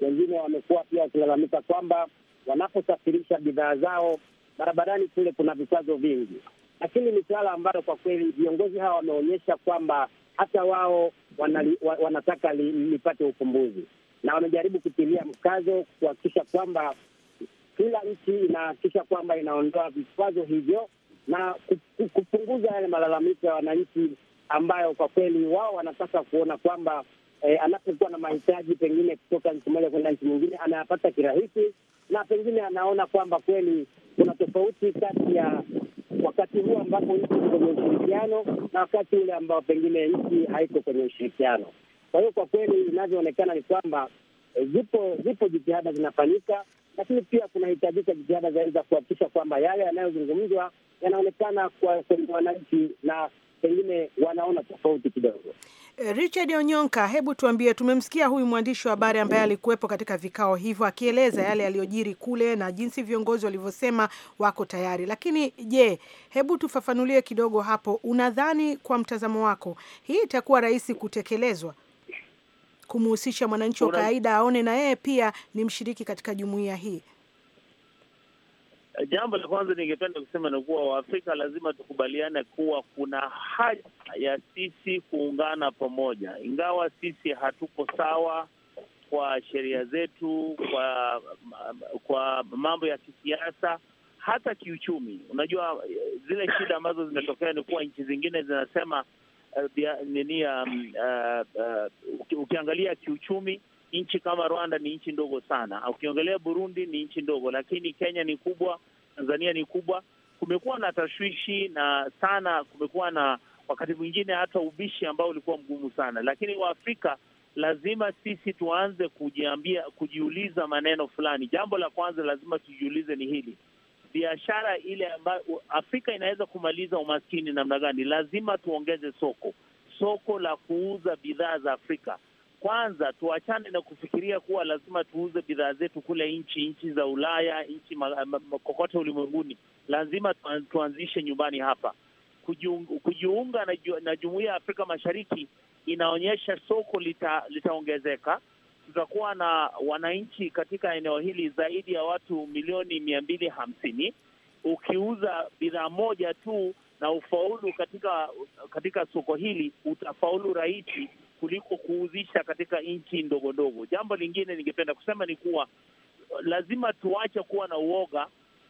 wengine wamekuwa pia wakilalamika kwamba wanaposafirisha bidhaa zao barabarani kule kuna vikwazo vingi, lakini ni suala ambalo kwa kweli viongozi hawa wameonyesha kwamba hata wao wanali, wanataka lipate li, ufumbuzi na wamejaribu kutilia mkazo kuhakikisha kwamba kila nchi inahakikisha kwamba inaondoa vikwazo hivyo na kupunguza yale malalamiko ya wananchi ambayo kwa kweli wao wanataka kuona kwamba e, anapokuwa na mahitaji pengine kutoka nchi moja kwenda nchi nyingine anayapata kirahisi, na pengine anaona kwamba kweli kuna tofauti kati ya wakati huu ambapo nchi iko kwenye ushirikiano na wakati ule ambao pengine nchi haiko kwenye ushirikiano. Kwa hiyo kwa kweli inavyoonekana ni kwamba eh, zipo zipo jitihada zinafanyika, lakini pia kunahitajika jitihada zaidi za kuhakikisha kwamba yale yanayozungumzwa yanaonekana kwa wananchi na pengine wanaona tofauti kidogo. Richard Onyonka, hebu tuambie, tumemsikia huyu mwandishi wa habari ambaye alikuwepo katika vikao hivyo akieleza yale yaliyojiri kule na jinsi viongozi walivyosema wako tayari, lakini je, hebu tufafanulie kidogo hapo. Unadhani kwa mtazamo wako hii itakuwa rahisi kutekelezwa, kumhusisha mwananchi wa kawaida aone na yeye pia ni mshiriki katika jumuiya hii? Jambo la kwanza ningependa kusema ni kuwa Waafrika lazima tukubaliane kuwa kuna haja ya sisi kuungana pamoja, ingawa sisi hatuko sawa kwa sheria zetu, kwa kwa mambo ya kisiasa, hata kiuchumi. Unajua zile shida ambazo zimetokea ni kuwa nchi zingine zinasema uh, nini, um, uh, uh, ukiangalia kiuchumi nchi kama Rwanda ni nchi ndogo sana, ukiongelea Burundi ni nchi ndogo, lakini Kenya ni kubwa, Tanzania ni kubwa. Kumekuwa na tashwishi na sana, kumekuwa na wakati mwingine hata ubishi ambao ulikuwa mgumu sana, lakini Waafrika lazima sisi tuanze kujiambia, kujiuliza maneno fulani. Jambo la kwanza lazima tujiulize ni hili, biashara ile ambayo Afrika inaweza kumaliza umaskini namna gani? Lazima tuongeze soko, soko la kuuza bidhaa za Afrika kwanza tuachane na kufikiria kuwa lazima tuuze bidhaa zetu kule nchi nchi za Ulaya, nchi kokote ulimwenguni. Lazima tuanzishe nyumbani hapa. Kujiunga, kujiunga na, na jumuiya ya Afrika Mashariki inaonyesha soko litaongezeka, lita tutakuwa na wananchi katika eneo hili zaidi ya watu milioni mia mbili hamsini. Ukiuza bidhaa moja tu na ufaulu katika katika soko hili utafaulu rahisi kuliko kuuzisha katika nchi ndogo ndogo. Jambo lingine ningependa kusema ni kuwa lazima tuache kuwa na uoga,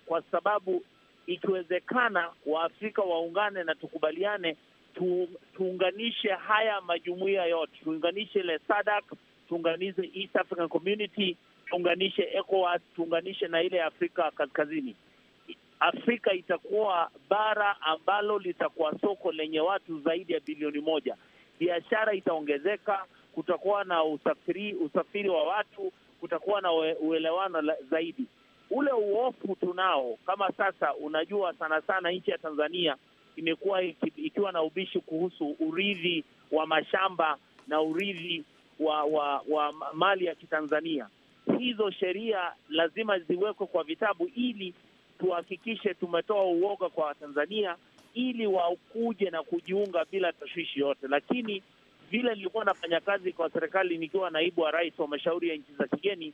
kwa sababu ikiwezekana Waafrika waungane na tukubaliane tu, tuunganishe haya majumuiya yote, tuunganishe ile SADC, tuunganishe East African Community, tuunganishe ECOWAS, tuunganishe na ile Afrika Kaskazini. Afrika itakuwa bara ambalo litakuwa soko lenye watu zaidi ya bilioni moja biashara itaongezeka, kutakuwa na usafiri, usafiri wa watu, kutakuwa na uelewano zaidi. Ule uofu tunao kama sasa, unajua sana sana nchi ya Tanzania imekuwa ikiwa na ubishi kuhusu urithi wa mashamba na urithi wa, wa, wa mali ya Kitanzania. Hizo sheria lazima ziwekwe kwa vitabu ili tuhakikishe tumetoa uoga kwa Watanzania ili wakuje na kujiunga bila tashwishi yote. Lakini vile nilikuwa nafanya kazi kwa serikali nikiwa naibu wa rais wa mashauri ya nchi za kigeni,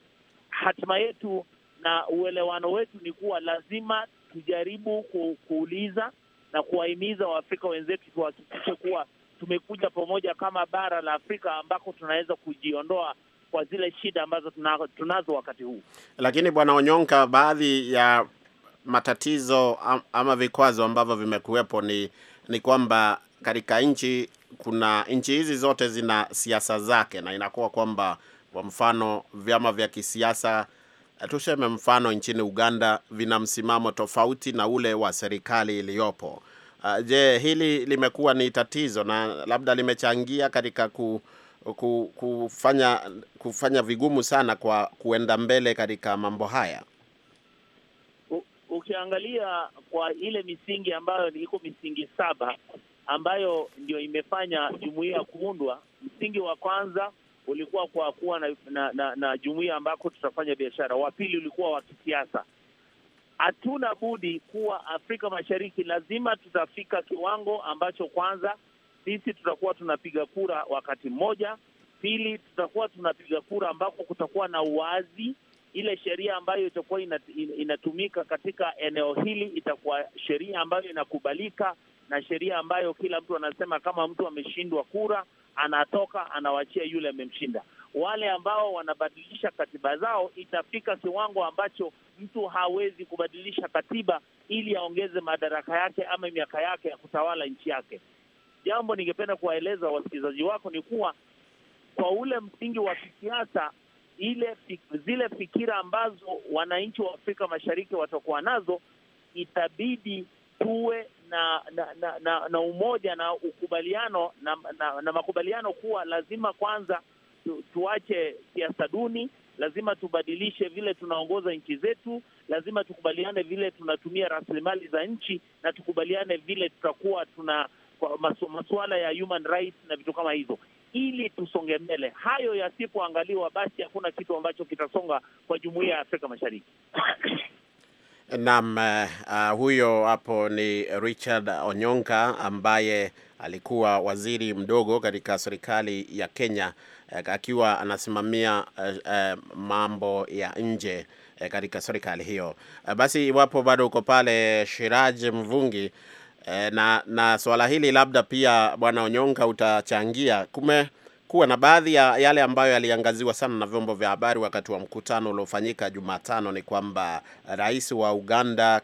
hatima yetu na uelewano wetu ni kuwa lazima tujaribu kuuliza na kuwahimiza Waafrika wenzetu tuhakikishe kuwa tumekuja pamoja kama bara la Afrika ambako tunaweza kujiondoa kwa zile shida ambazo tunazo wakati huu. Lakini Bwana Onyonka, baadhi ya matatizo ama vikwazo ambavyo vimekuwepo ni, ni kwamba katika nchi kuna nchi hizi zote zina siasa zake, na inakuwa kwamba kwa mfano vyama vya kisiasa eh, tuseme mfano nchini Uganda vina msimamo tofauti na ule wa serikali iliyopo. Uh, je, hili limekuwa ni tatizo na labda limechangia katika ku, ku, kufanya, kufanya vigumu sana kwa kuenda mbele katika mambo haya? ukiangalia kwa ile misingi ambayo iko misingi saba ambayo ndio imefanya jumuiya kuundwa, msingi wa kwanza ulikuwa kwa kuwa na, na, na, na jumuiya ambako tutafanya biashara. Wa pili ulikuwa wa kisiasa. Hatuna budi kuwa Afrika Mashariki lazima tutafika kiwango ambacho kwanza sisi tutakuwa tunapiga kura wakati mmoja. Pili, tutakuwa tunapiga kura ambako kutakuwa na uwazi ile sheria ambayo itakuwa inatumika katika eneo hili itakuwa sheria ambayo inakubalika na sheria ambayo kila mtu anasema, kama mtu ameshindwa kura anatoka anawachia yule amemshinda. Wale ambao wanabadilisha katiba zao, itafika kiwango ambacho mtu hawezi kubadilisha katiba ili aongeze madaraka yake ama miaka yake ya kutawala nchi yake. Jambo ningependa kuwaeleza wasikilizaji wako ni kuwa kwa ule msingi wa kisiasa ile zile fikira ambazo wananchi wa Afrika Mashariki watakuwa nazo, itabidi tuwe na na, na, na na umoja na ukubaliano na, na, na makubaliano kuwa lazima kwanza tu, tuache siasa duni, lazima tubadilishe vile tunaongoza nchi zetu, lazima tukubaliane vile tunatumia rasilimali za nchi na tukubaliane vile tutakuwa tuna masuala ya human rights na vitu kama hizo ili tusonge mbele. Hayo yasipoangaliwa, basi hakuna kitu ambacho kitasonga kwa jumuiya ya Afrika Mashariki. Naam, uh, huyo hapo ni Richard Onyonka ambaye alikuwa waziri mdogo katika serikali ya Kenya eh, akiwa anasimamia uh, uh, mambo ya nje uh, katika serikali hiyo. Uh, basi iwapo bado uko pale Shiraj Mvungi E, na na swala hili labda pia Bwana onyonga utachangia. Kumekuwa na baadhi ya yale ambayo yaliangaziwa sana na vyombo vya habari wakati wa mkutano uliofanyika Jumatano ni kwamba rais wa Uganda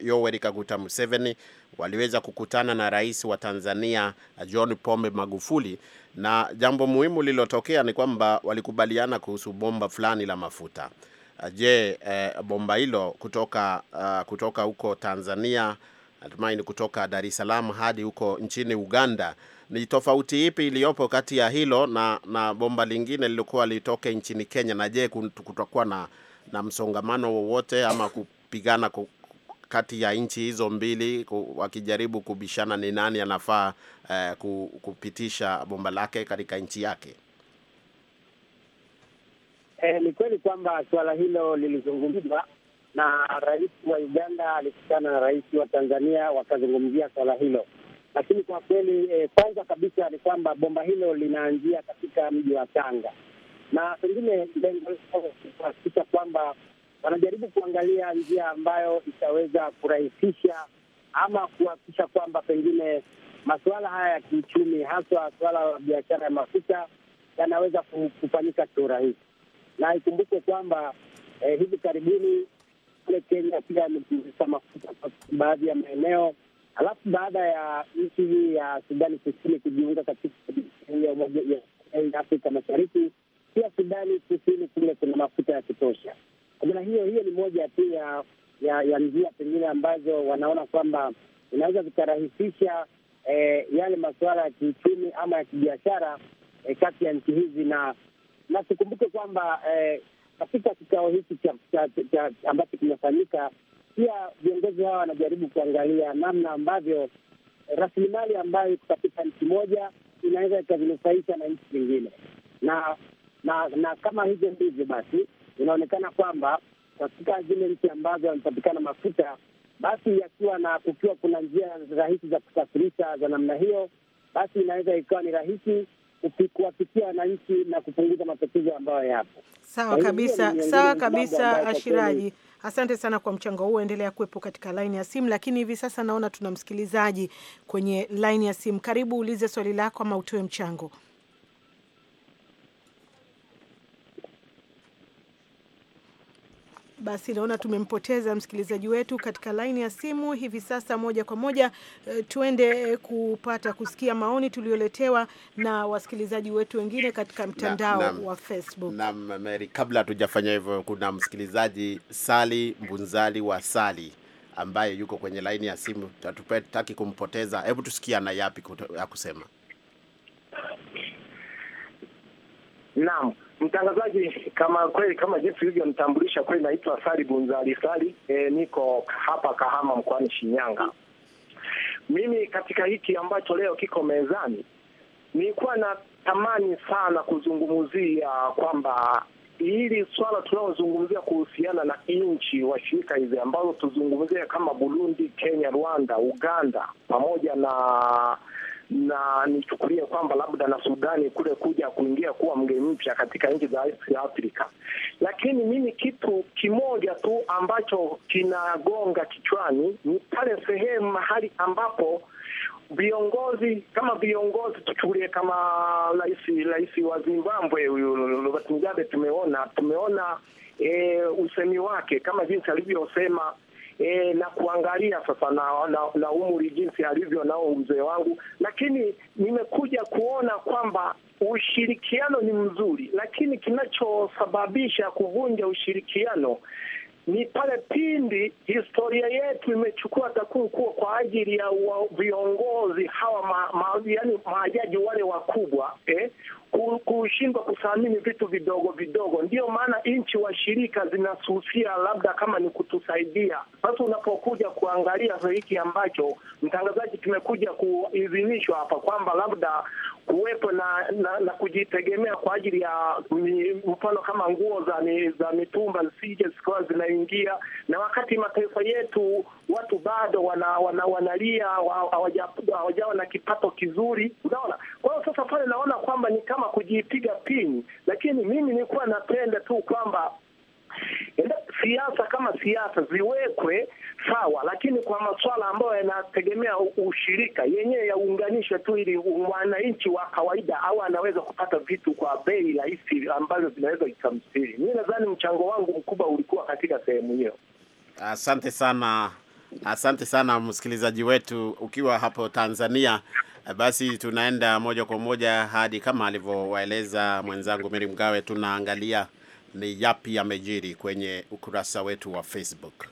Yoweri Kaguta Museveni waliweza kukutana na rais wa Tanzania John Pombe Magufuli, na jambo muhimu lililotokea ni kwamba walikubaliana kuhusu bomba fulani la mafuta. Je, eh, bomba hilo kutoka uh, kutoka huko Tanzania Natumai ni kutoka Dar es Salaam hadi huko nchini Uganda. Ni tofauti ipi iliyopo kati ya hilo na, na bomba lingine lilikuwa litoke nchini Kenya? Na je, kutakuwa na, na msongamano wowote ama kupigana kati ya nchi hizo mbili wakijaribu kubishana ni nani anafaa eh, kupitisha bomba lake katika nchi yake? Eh, ni kweli kwamba suala hilo lilizungumzwa na rais wa Uganda alikutana na rais wa Tanzania wakazungumzia swala hilo. Lakini kwa kweli eh, kabisa ni kwamba bomba hilo linaanzia katika mji wa Tanga, na pengine lengo kuhakikisha kwamba wanajaribu kuangalia njia ambayo itaweza kurahisisha ama kuhakikisha kwamba pengine masuala haya ya kiuchumi, haswa suala la biashara ya mafuta yanaweza kufanyika kiurahisi, na ikumbuke kwamba eh, hivi karibuni kule Kenya pia amepunguza mafuta kwa baadhi ya maeneo. Alafu baada ya nchi hii ya Sudani Kusini kujiunga katika ya Afrika Mashariki, pia Sudani Kusini kule kuna mafuta ya kutosha. Kwa maana hiyo, hiyo ni moja tu ya ya, ya njia pengine ambazo wanaona kwamba inaweza vikarahisisha eh, yale masuala ya kiuchumi ama ya kibiashara eh, kati ya nchi hizi na na tukumbuke kwamba eh, katika kikao hiki ambacho kimefanyika, pia viongozi hawa wanajaribu kuangalia namna ambavyo rasilimali ambayo iko katika nchi moja inaweza ikazinufaisha na nchi zingine, na na na kama hivyo ndivyo, basi inaonekana kwamba katika zile nchi ambazo yamepatikana mafuta, basi yakiwa na kukiwa kuna njia rahisi za kusafirisha za namna hiyo, basi inaweza ikawa ni rahisi kuwafikia wananchi na kupunguza matatizo ambayo yapo. Sawa kabisa, sawa kabisa, Ashiraji. Asante sana kwa mchango huo, endelea kuwepo katika laini ya simu. Lakini hivi sasa naona tuna msikilizaji kwenye laini ya simu. Karibu, uulize swali lako ama utoe mchango. Basi naona tumempoteza msikilizaji wetu katika laini ya simu hivi sasa. Moja kwa moja eh, tuende eh, kupata kusikia maoni tuliyoletewa na wasikilizaji wetu wengine katika mtandao na, na, wa Facebook. Naam, Mary, kabla hatujafanya hivyo, kuna msikilizaji Sali Mbunzali wa Sali ambaye yuko kwenye laini ya simu, hatutaki kumpoteza. Hebu tusikia ana yapi ya kusema. Naam. Mtangazaji, kama kweli kama jinsi ulivyonitambulisha kweli, naitwa Sali Bunzali Sali. E, niko hapa Kahama mkoani Shinyanga. Mimi katika hiki ambacho leo kiko mezani, nilikuwa na thamani sana kuzungumzia kwamba hili swala tunalozungumzia kuhusiana na nchi washirika hizi ambazo tuzungumzia kama Burundi, Kenya, Rwanda, Uganda pamoja na na nichukulie kwamba labda na Sudani kule kuja kuingia kuwa mgeni mpya katika nchi za Afrika, lakini mimi kitu kimoja tu ambacho kinagonga kichwani ni pale sehemu mahali ambapo viongozi kama viongozi tuchukulie kama rais rais wa Zimbabwe huyu Robert Mugabe, tumeona tumeona e, usemi wake kama jinsi alivyosema e, na kuangalia sasa na, na, na umri jinsi alivyo nao mzee wangu, lakini nimekuja kuona kwamba ushirikiano ni mzuri, lakini kinachosababisha kuvunja ushirikiano ni pale pindi historia yetu imechukua takuu kuwa kwa ajili ya viongozi hawa ma, ma, yani maajaji wale wakubwa eh, kushindwa kuthamini vitu vidogo vidogo. Ndiyo maana nchi washirika zinasusia, labda kama ni kutusaidia. Sasa unapokuja kuangalia hiki ambacho mtangazaji, tumekuja kuidhinishwa hapa kwamba labda kuwepo na, na, na kujitegemea kwa ajili ya mfano kama nguo za, za mitumba zisije zikawa zinaingia, na wakati mataifa yetu watu bado wanalia wana, wana hawajawa na kipato kizuri, unaona. Kwa hiyo sasa pale naona kwamba ni kama kama kujipiga pini, lakini mimi nilikuwa napenda tu kwamba eh, siasa kama siasa ziwekwe sawa, lakini kwa masuala ambayo yanategemea ushirika yenyewe yaunganishwe tu, ili mwananchi wa kawaida au anaweza kupata vitu kwa bei rahisi ambazo zinaweza ikamsiri. Mi nadhani mchango wangu mkubwa ulikuwa katika sehemu hiyo. Asante sana, asante sana msikilizaji wetu ukiwa hapo Tanzania. Basi tunaenda moja kwa moja hadi kama alivyowaeleza mwenzangu Meri Mgawe, tunaangalia ni yapi yamejiri kwenye ukurasa wetu wa Facebook.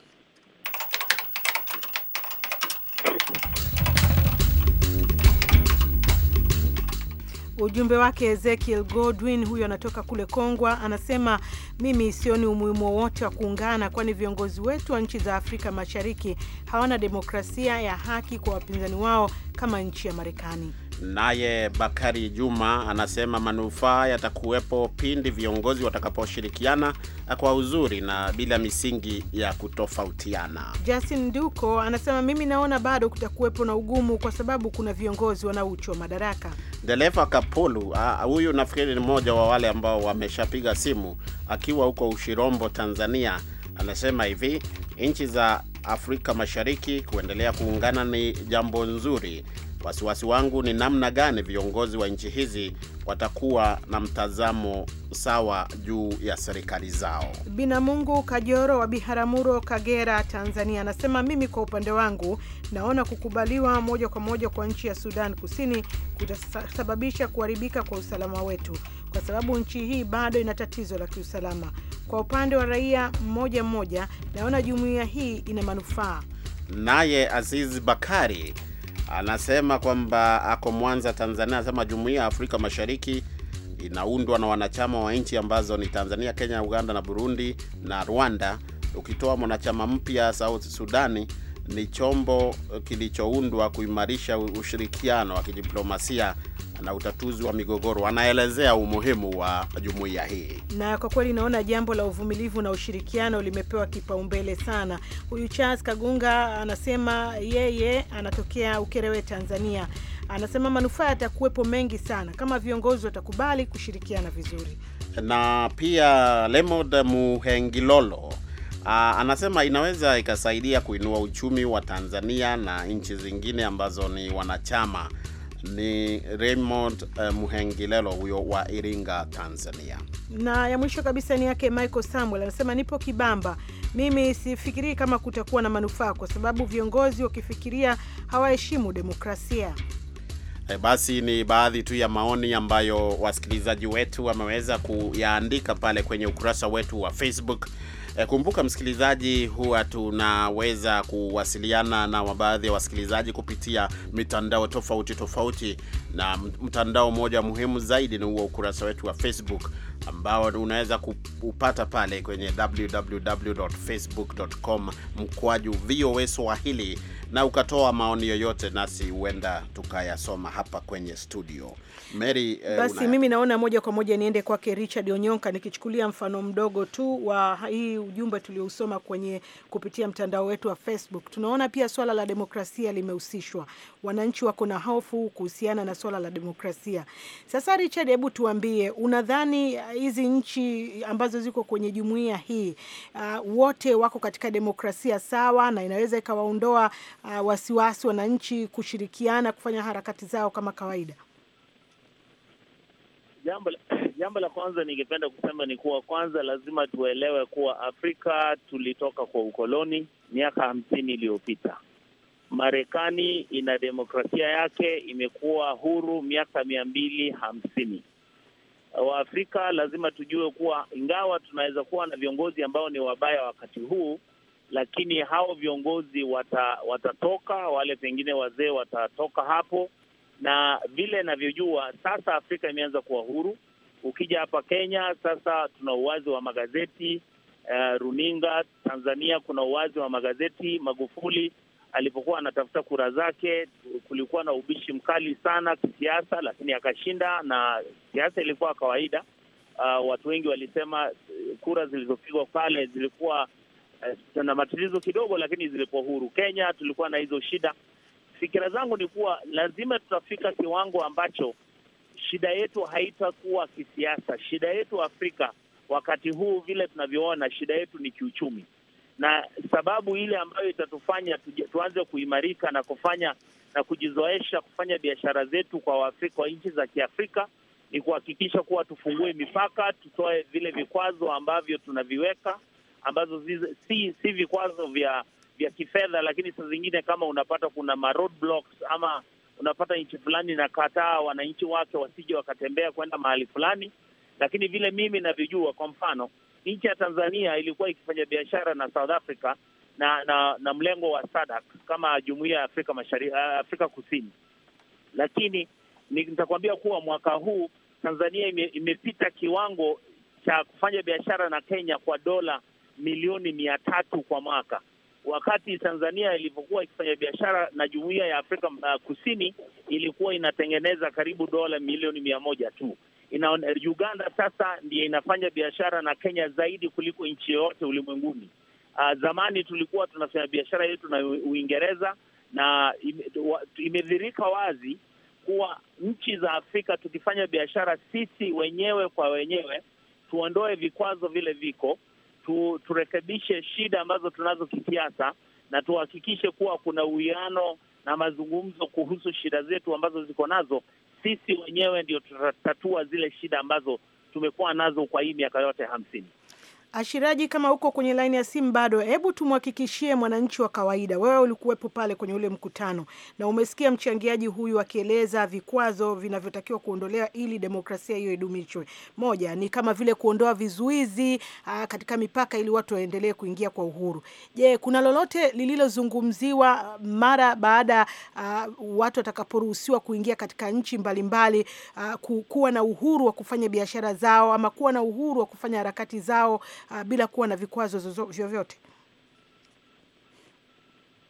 Ujumbe wake Ezekiel Godwin, huyo anatoka kule Kongwa, anasema mimi sioni umuhimu wowote wa kuungana, kwani viongozi wetu wa nchi za Afrika Mashariki hawana demokrasia ya haki kwa wapinzani wao kama nchi ya Marekani. Naye Bakari Juma anasema manufaa yatakuwepo pindi viongozi watakaposhirikiana kwa uzuri na bila misingi ya kutofautiana. Justin Duko anasema mimi naona bado kutakuwepo na ugumu kwa sababu kuna viongozi wanaochwa madaraka. Delefa Kapulu huyu nafikiri ni mmoja wa wale ambao wameshapiga simu akiwa huko Ushirombo, Tanzania. Anasema hivi nchi za Afrika Mashariki kuendelea kuungana ni jambo nzuri Wasiwasi wangu ni namna gani viongozi wa nchi hizi watakuwa na mtazamo sawa juu ya serikali zao. Binamungu Kajoro wa biharamuro Kagera, Tanzania anasema mimi kwa upande wangu naona kukubaliwa moja kwa moja kwa nchi ya Sudan Kusini kutasababisha kuharibika kwa usalama wetu, kwa sababu nchi hii bado ina tatizo la kiusalama. Kwa upande wa raia mmoja mmoja, naona jumuiya hii ina manufaa. Naye Aziz Bakari anasema kwamba ako Mwanza, Tanzania. Anasema jumuiya ya Afrika Mashariki inaundwa na wanachama wa nchi ambazo ni Tanzania, Kenya, Uganda na Burundi na Rwanda. Ukitoa mwanachama mpya South Sudani, ni chombo kilichoundwa kuimarisha ushirikiano wa kidiplomasia na utatuzi wa migogoro. Anaelezea umuhimu wa jumuiya hii. Na kwa kweli naona jambo la uvumilivu na ushirikiano limepewa kipaumbele sana. Huyu Charles Kagunga anasema yeye anatokea Ukerewe, Tanzania. Anasema manufaa yatakuwepo mengi sana kama viongozi watakubali kushirikiana vizuri. Na pia Lemod Muhengilolo Aa, anasema inaweza ikasaidia kuinua uchumi wa Tanzania na nchi zingine ambazo ni wanachama ni Raymond uh, Muhengilelo huyo wa Iringa, Tanzania. Na ya mwisho kabisa ni yake Michael Samuel, anasema nipo Kibamba. Mimi sifikirii kama kutakuwa na manufaa, kwa sababu viongozi wakifikiria hawaheshimu demokrasia. E, basi ni baadhi tu ya maoni ambayo wasikilizaji wetu wameweza kuyaandika pale kwenye ukurasa wetu wa Facebook Eh, kumbuka msikilizaji, huwa tunaweza kuwasiliana na baadhi ya wasikilizaji kupitia mitandao tofauti tofauti, na mtandao mmoja muhimu zaidi ni huo ukurasa wetu wa Facebook ambao unaweza kupata pale kwenye www.facebook.com mkwaju VOA Swahili, na ukatoa maoni yoyote, nasi huenda tukayasoma hapa kwenye studio. Mary, eh, basi Mimi naona moja kwa moja niende kwake Richard Onyonka nikichukulia mfano mdogo tu wa hii ujumbe tuliousoma kwenye kupitia mtandao wetu wa Facebook. Tunaona pia swala la demokrasia limehusishwa, wananchi wako na hofu kuhusiana na swala la demokrasia. Sasa Richard, hebu tuambie, unadhani hizi nchi ambazo ziko kwenye jumuiya hii uh, wote wako katika demokrasia sawa, na inaweza ikawaondoa uh, wasiwasi wananchi kushirikiana kufanya harakati zao kama kawaida? jambo, jambo la kwanza ningependa kusema ni kuwa kwanza lazima tuelewe kuwa Afrika tulitoka kwa ukoloni miaka hamsini iliyopita. Marekani ina demokrasia yake, imekuwa huru miaka mia mbili hamsini. Waafrika lazima tujue kuwa ingawa tunaweza kuwa na viongozi ambao ni wabaya wakati huu, lakini hao viongozi wata, watatoka wale pengine wazee watatoka hapo na vile navyojua sasa Afrika imeanza kuwa huru. Ukija hapa Kenya sasa tuna uwazi wa magazeti uh, runinga. Tanzania kuna uwazi wa magazeti. Magufuli alipokuwa anatafuta kura zake, kulikuwa na ubishi mkali sana kisiasa, lakini akashinda, na siasa ilikuwa kawaida. Uh, watu wengi walisema eh, kura zilizopigwa pale zilikuwa uh, eh, na matatizo kidogo, lakini zilikuwa huru. Kenya tulikuwa na hizo shida fikira zangu ni kuwa lazima tutafika kiwango ambacho shida yetu haitakuwa kisiasa. Shida yetu Afrika wakati huu vile tunavyoona, shida yetu ni kiuchumi, na sababu ile ambayo itatufanya tuanze kuimarika na kufanya na kujizoesha kufanya biashara zetu kwa Waafrika wa nchi za Kiafrika ni kuhakikisha kuwa tufungue mipaka, tutoe vile vikwazo ambavyo tunaviweka ambazo si, si vikwazo vya vya kifedha, lakini saa zingine kama unapata kuna ma road blocks, ama unapata nchi fulani na kataa wananchi wake wasije wakatembea kwenda mahali fulani, lakini vile mimi navyojua, kwa mfano nchi ya Tanzania ilikuwa ikifanya biashara na South Africa na na, na mlengo wa SADC kama jumuiya ya Afrika Mashariki, eh, Afrika Kusini, lakini nitakwambia kuwa mwaka huu Tanzania ime, imepita kiwango cha kufanya biashara na Kenya kwa dola milioni mia tatu kwa mwaka wakati Tanzania ilivyokuwa ikifanya biashara na jumuiya ya Afrika uh, Kusini ilikuwa inatengeneza karibu dola milioni mia moja tu. Ina, Uganda sasa ndiye inafanya biashara na Kenya zaidi kuliko nchi yoyote ulimwenguni. Uh, zamani tulikuwa tunafanya biashara yetu na Uingereza na imedhirika wazi kuwa nchi za Afrika tukifanya biashara sisi wenyewe kwa wenyewe, tuondoe vikwazo vile viko tu, turekebishe shida ambazo tunazo kisiasa na tuhakikishe kuwa kuna uwiano na mazungumzo kuhusu shida zetu ambazo ziko nazo. Sisi wenyewe ndio tutatatua zile shida ambazo tumekuwa nazo kwa hii miaka yote hamsini. Ashiraji, kama uko kwenye laini ya simu bado, hebu tumhakikishie mwananchi wa kawaida, wewe ulikuwepo pale kwenye ule mkutano na umesikia mchangiaji huyu akieleza vikwazo vinavyotakiwa kuondolewa ili demokrasia hiyo idumishwe. Moja ni kama vile kuondoa vizuizi aa, ah, katika mipaka ili watu waendelee kuingia kwa uhuru. Je, kuna lolote lililozungumziwa ah, mara baada aa, ah, watu watakaporuhusiwa kuingia katika nchi mbalimbali kuwa na uhuru wa kufanya biashara zao ama kuwa na uhuru wa kufanya harakati zao uh, bila kuwa na vikwazo vyovyote?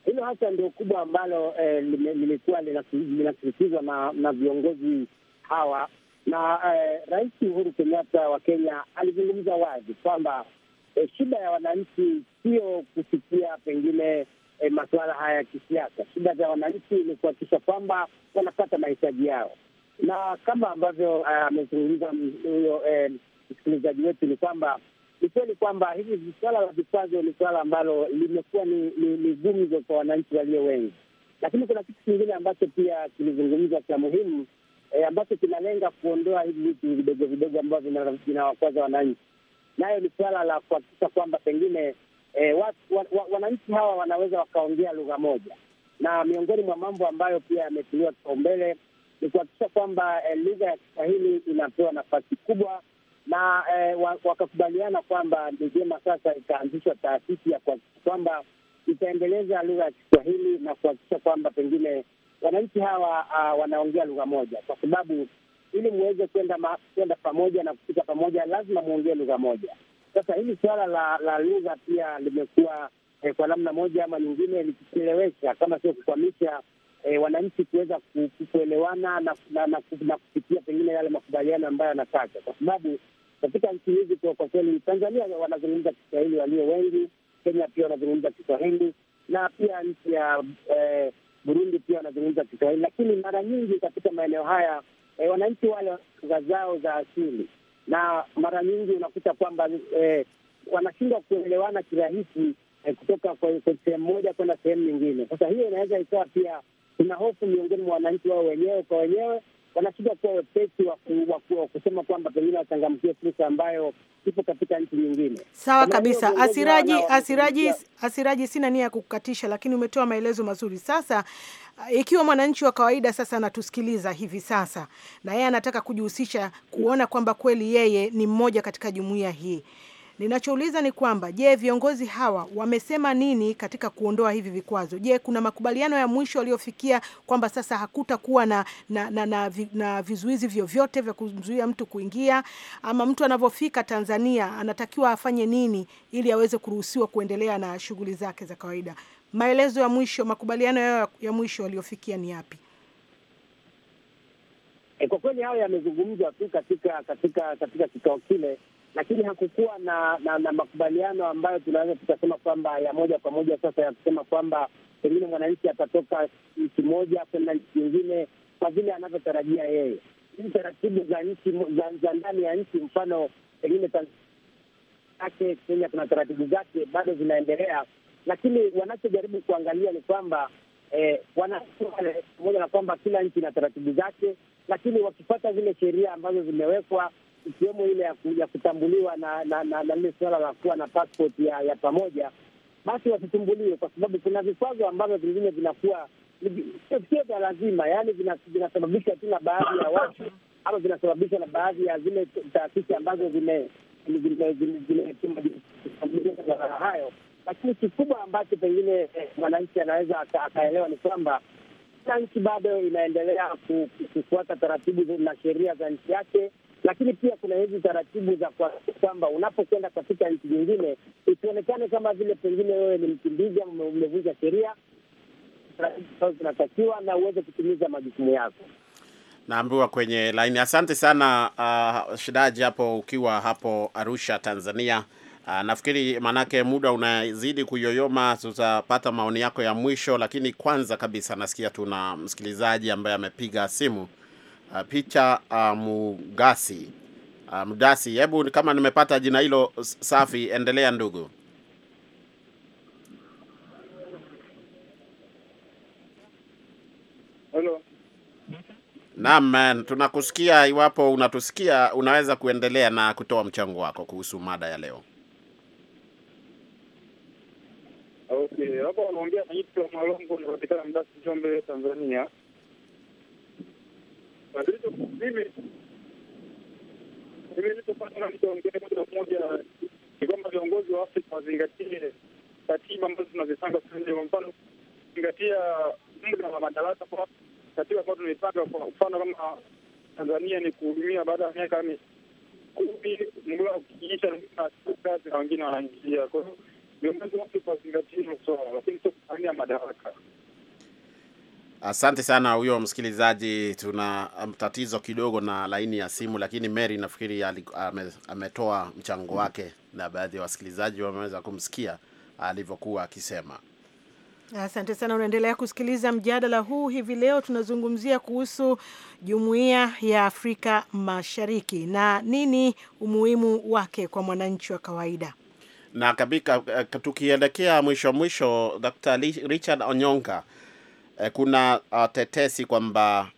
Hilo hasa ndio kubwa ambalo eh, limekuwa linasisitizwa na, na viongozi hawa na eh, Rais Uhuru Kenyatta wa Kenya alizungumza wazi kwamba eh, shida ya wananchi sio kufikia pengine eh, masuala haya ya kisiasa. Shida za wananchi ni kuhakikisha kwamba wanapata mahitaji yao, na kama ambavyo eh, amezungumza huyo eh, msikilizaji wetu ni kwamba ni kweli kwamba hivi suala la vikwazo ni swala ambalo limekuwa ni gumzo kwa wananchi walio wengi, lakini kuna kitu kingine ambacho pia kilizungumzwa cha muhimu e, ambacho kinalenga kuondoa hivi vitu vidogo vidogo ambavyo vinawakwaza wananchi, nayo ni swala la kuhakikisha kwamba pengine e, wa, wa, wananchi hawa wanaweza wakaongea lugha moja, na miongoni mwa mambo ambayo pia yametuliwa kipaumbele ni kuhakikisha kwamba e, lugha ya Kiswahili inapewa nafasi kubwa na eh, wakakubaliana kwamba ni vyema sasa ikaanzishwa taasisi ya kuhakikisha kwamba itaendeleza lugha ya Kiswahili na kuhakikisha kwamba pengine wananchi hawa uh, wanaongea lugha moja, kwa sababu ili muweze kwenda kwenda pamoja na kufika pamoja, lazima muongee lugha moja. Sasa hili suala la, la lugha pia limekuwa eh, kwa namna moja ama nyingine likichelewesha kama sio kukwamisha e, wananchi kuweza kuelewana na, na, na, na kufikia pengine yale makubaliano ambayo yanataka, kwa sababu katika nchi hizi kwa kweli, Tanzania wanazungumza Kiswahili walio wengi, Kenya pia wanazungumza Kiswahili na pia nchi ya eh, Burundi pia wanazungumza Kiswahili, lakini mara nyingi katika maeneo haya eh, wananchi wale lugha zao za asili, na mara nyingi unakuta kwamba eh, wanashindwa kuelewana kirahisi eh, kutoka sehemu moja kwenda sehemu nyingine. Sasa hiyo inaweza ikawa pia kuna hofu miongoni mwa wananchi wao wenyewe kwa wenyewe, wanashindwa kuwa wepesi wa kusema kwamba pengine wachangamkie fursa ambayo ipo katika nchi nyingine. Sawa kabisa, asiraji asiraji asiraji, sina nia ya kukukatisha, lakini umetoa maelezo mazuri. Sasa uh, ikiwa mwananchi wa kawaida sasa anatusikiliza hivi sasa na yeye anataka kujihusisha, kuona kwamba kweli yeye ni mmoja katika jumuiya hii Ninachouliza ni kwamba je, viongozi hawa wamesema nini katika kuondoa hivi vikwazo? Je, kuna makubaliano ya mwisho waliofikia kwamba sasa hakutakuwa na, na, na, na, na vizuizi vyovyote vya kumzuia mtu kuingia, ama mtu anavyofika Tanzania anatakiwa afanye nini ili aweze kuruhusiwa kuendelea na shughuli zake za kawaida? Maelezo ya mwisho, makubaliano yao ya mwisho waliofikia ni yapi? E, kwa kweli hayo yamezungumzwa tu katika katika katika kikao kile lakini hakukuwa na, na, na makubaliano ambayo tunaweza tukasema kwamba ya moja kwa moja sasa ya kusema kwamba pengine mwananchi atatoka nchi moja kwenda nchi nyingine kwa vile anavyotarajia yeye. Hizi taratibu za nchi za ndani ya nchi, mfano pengine ake Kenya kuna taratibu zake bado zinaendelea, lakini wanachojaribu kuangalia ni kwamba eh, wananchi pamoja na kwamba kila nchi ina taratibu zake, lakini wakipata zile sheria ambazo zimewekwa ikiwemo ile ya kutambuliwa na na na lile suala la kuwa na passport ya ya pamoja, basi wasitumbuliwe kwa sababu kuna vikwazo ambavyo vingine vinakuwa sio vya lazima, yaani vinasababishwa tu na baadhi ya watu ama vinasababishwa na baadhi ya zile taasisi ambazo zimeaa hayo. Lakini kikubwa ambacho pengine eh, mwananchi anaweza akaelewa ni kwamba kila nchi bado inaendelea kufuata taratibu na sheria za nchi yake lakini pia kuna hizi taratibu za kuhakikisha kwamba unapokwenda katika nchi nyingine isionekane kama vile pengine wewe ni mkimbizi ama umevunja sheria ambazo zinatakiwa na uweze kutimiza majukumu yako. Naambiwa kwenye laini. Asante sana uh, Shidaji hapo ukiwa hapo Arusha, Tanzania. Uh, nafikiri maanake muda unazidi kuyoyoma, tutapata maoni yako ya mwisho, lakini kwanza kabisa nasikia tuna msikilizaji ambaye amepiga simu picha uh, ah, Mugasi uh, ah, Mdasi, hebu kama nimepata jina hilo safi, endelea ndugu. Hello. Naam, tunakusikia. Iwapo unatusikia, unaweza kuendelea na kutoa mchango wako kuhusu mada ya leo. Okay, hapo wanaongea Malongo, napatikana Mdasi, Njombe, Tanzania. Matatizo mimi mimi nilipopata na mtaongea moja kwa moja ni kwamba viongozi wa Afrika wazingatie katiba ambazo tunazipanga sasa hivi, kwa mfano zingatia muda wa madarasa kwa katiba ambayo tunaipanga. Kwa mfano kama Tanzania ni kuhudumia baada ya miaka kumi, mgula ukiisha kazi na wengine wanaingia. Kwa hiyo viongozi wa Afrika wazingatie hilo swala, lakini sio kufanyia madaraka. Asante sana huyo msikilizaji, tuna um, tatizo kidogo na laini ya simu, lakini Mary nafikiri ametoa mchango wake na baadhi ya wasikilizaji wameweza kumsikia alivyokuwa akisema. Asante sana. Unaendelea kusikiliza mjadala huu hivi leo, tunazungumzia kuhusu jumuiya ya Afrika Mashariki na nini umuhimu wake kwa mwananchi wa kawaida. Na kabika eh, tukielekea mwisho mwisho, Dr. Richard Onyonga Eh, kuna ah, tetesi kwamba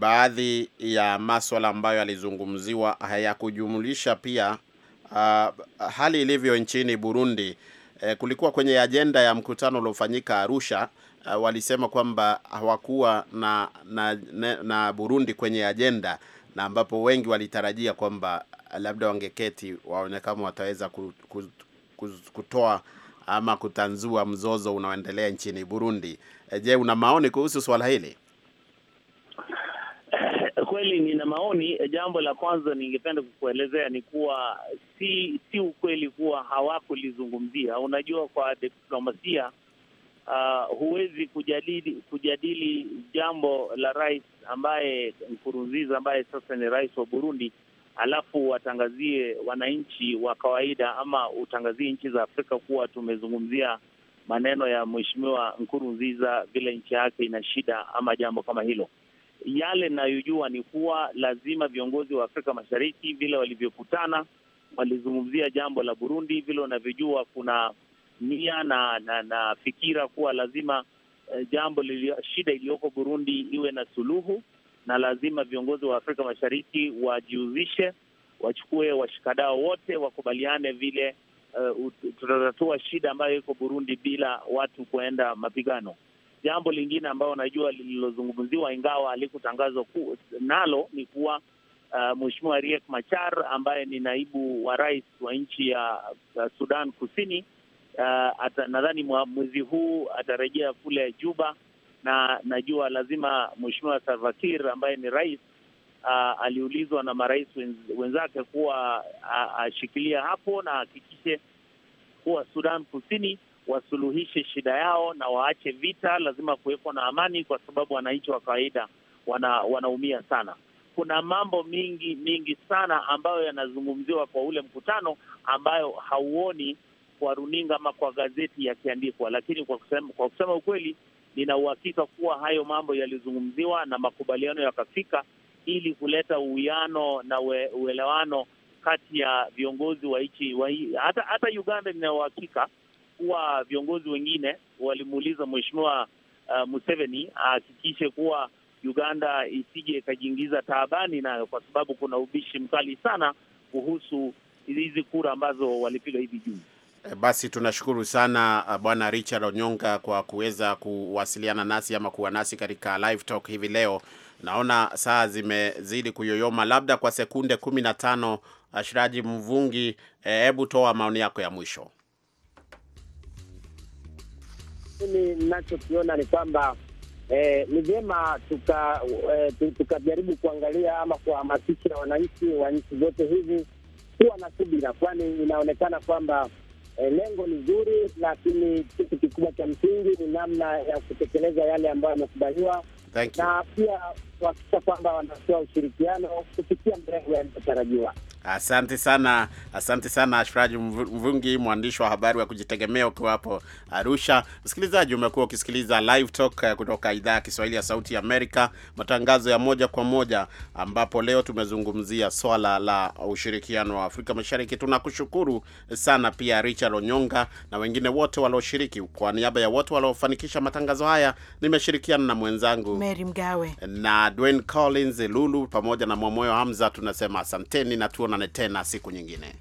baadhi ya maswala ambayo yalizungumziwa hayakujumulisha pia uh, hali ilivyo nchini Burundi. Uh, kulikuwa kwenye ajenda ya mkutano uliofanyika Arusha. Uh, walisema kwamba hawakuwa na, na, na, na Burundi kwenye ajenda na ambapo wengi walitarajia kwamba labda wangeketi waone kama wataweza kutoa ama kutanzua mzozo unaoendelea nchini Burundi. Eh, je, una maoni kuhusu swala hili? Eh, kweli nina maoni. Eh, jambo la kwanza ningependa kukuelezea ni kuwa si si ukweli kuwa hawakulizungumzia. Unajua, kwa diplomasia uh, huwezi kujadili kujadili jambo la rais ambaye Nkurunziza ambaye sasa ni rais wa Burundi alafu watangazie wananchi wa kawaida ama utangazie nchi za Afrika kuwa tumezungumzia maneno ya Mheshimiwa Nkurunziza vile nchi yake ina shida ama jambo kama hilo. Yale nayojua ni kuwa lazima viongozi wa Afrika Mashariki vile walivyokutana walizungumzia jambo la Burundi, vile unavyojua kuna nia na, na, na fikira kuwa lazima eh, jambo lili, shida iliyoko Burundi iwe na suluhu, na lazima viongozi wa Afrika Mashariki wajiuzishe, wachukue washikadao wote, wakubaliane vile Eh, uh, tutatatua shida ambayo iko Burundi bila watu kuenda mapigano. Jambo lingine ambayo najua lililozungumziwa ingawa halikutangazwa nalo ni kuwa uh, Mheshimiwa Riek Machar ambaye ni naibu wa rais wa nchi ya uh, Sudan Kusini uh, nadhani mwezi huu atarejea kule Juba, na najua lazima Mheshimiwa Salva Kiir ambaye ni rais uh, aliulizwa na marais wenzake kuwa ashikilia uh, hapo na ahakikishe kuwa Sudan Kusini wasuluhishe shida yao na waache vita. Lazima kuwekwa na amani, kwa sababu wananchi wa kawaida wana, wanaumia sana. Kuna mambo mingi mingi sana ambayo yanazungumziwa kwa ule mkutano ambayo hauoni kwa runinga ama kwa gazeti yakiandikwa, lakini kwa kusema, kwa kusema ukweli, nina uhakika kuwa hayo mambo yalizungumziwa na makubaliano yakafika ili kuleta uwiano na we, uelewano kati ya viongozi wa nchi wa hata hata Uganda. Nina uhakika kuwa viongozi wengine walimuuliza Mheshimiwa uh, Museveni ahakikishe kuwa Uganda isije ikajiingiza taabani nayo, kwa sababu kuna ubishi mkali sana kuhusu hizi kura ambazo walipiga hivi juzi. Eh, basi tunashukuru sana uh, Bwana Richard Onyonga kwa kuweza kuwasiliana nasi ama kuwa nasi katika live talk hivi leo. Naona saa zimezidi kuyoyoma, labda kwa sekunde kumi na tano. Ashiraji eh, Mvungi, eh, hebu toa maoni yako ya mwisho. Mimi ninachokiona ni kwamba eh, ni vyema eh, tukajaribu eh, kuangalia ama kuwahamasisha wananchi wa nchi zote hizi kuwa na subira, kwani inaonekana kwamba eh, lengo ni zuri, lakini kitu kikubwa cha msingi ni namna ya kutekeleza yale ambayo yamekubaliwa na pia kuhakikisha kwamba wanatoa ushirikiano kufikia malengo yanayotarajiwa. Asante sana, asante sana Ashraj Mvungi, mwandishi wa habari wa kujitegemea ukiwa hapo Arusha. Msikilizaji, umekuwa ukisikiliza Live Talk eh, kutoka idhaa ya Kiswahili ya Sauti ya Amerika, matangazo ya moja kwa moja, ambapo leo tumezungumzia swala la ushirikiano wa Afrika Mashariki. Tunakushukuru sana pia Richard Onyonga na wengine wote walioshiriki. Kwa niaba ya wote waliofanikisha matangazo haya, nimeshirikiana na mwenzangu Mary Mgawe na Dwayne Collins Lulu pamoja na Mwamoyo Hamza, tunasema asanteni na tuona tuonane tena siku nyingine.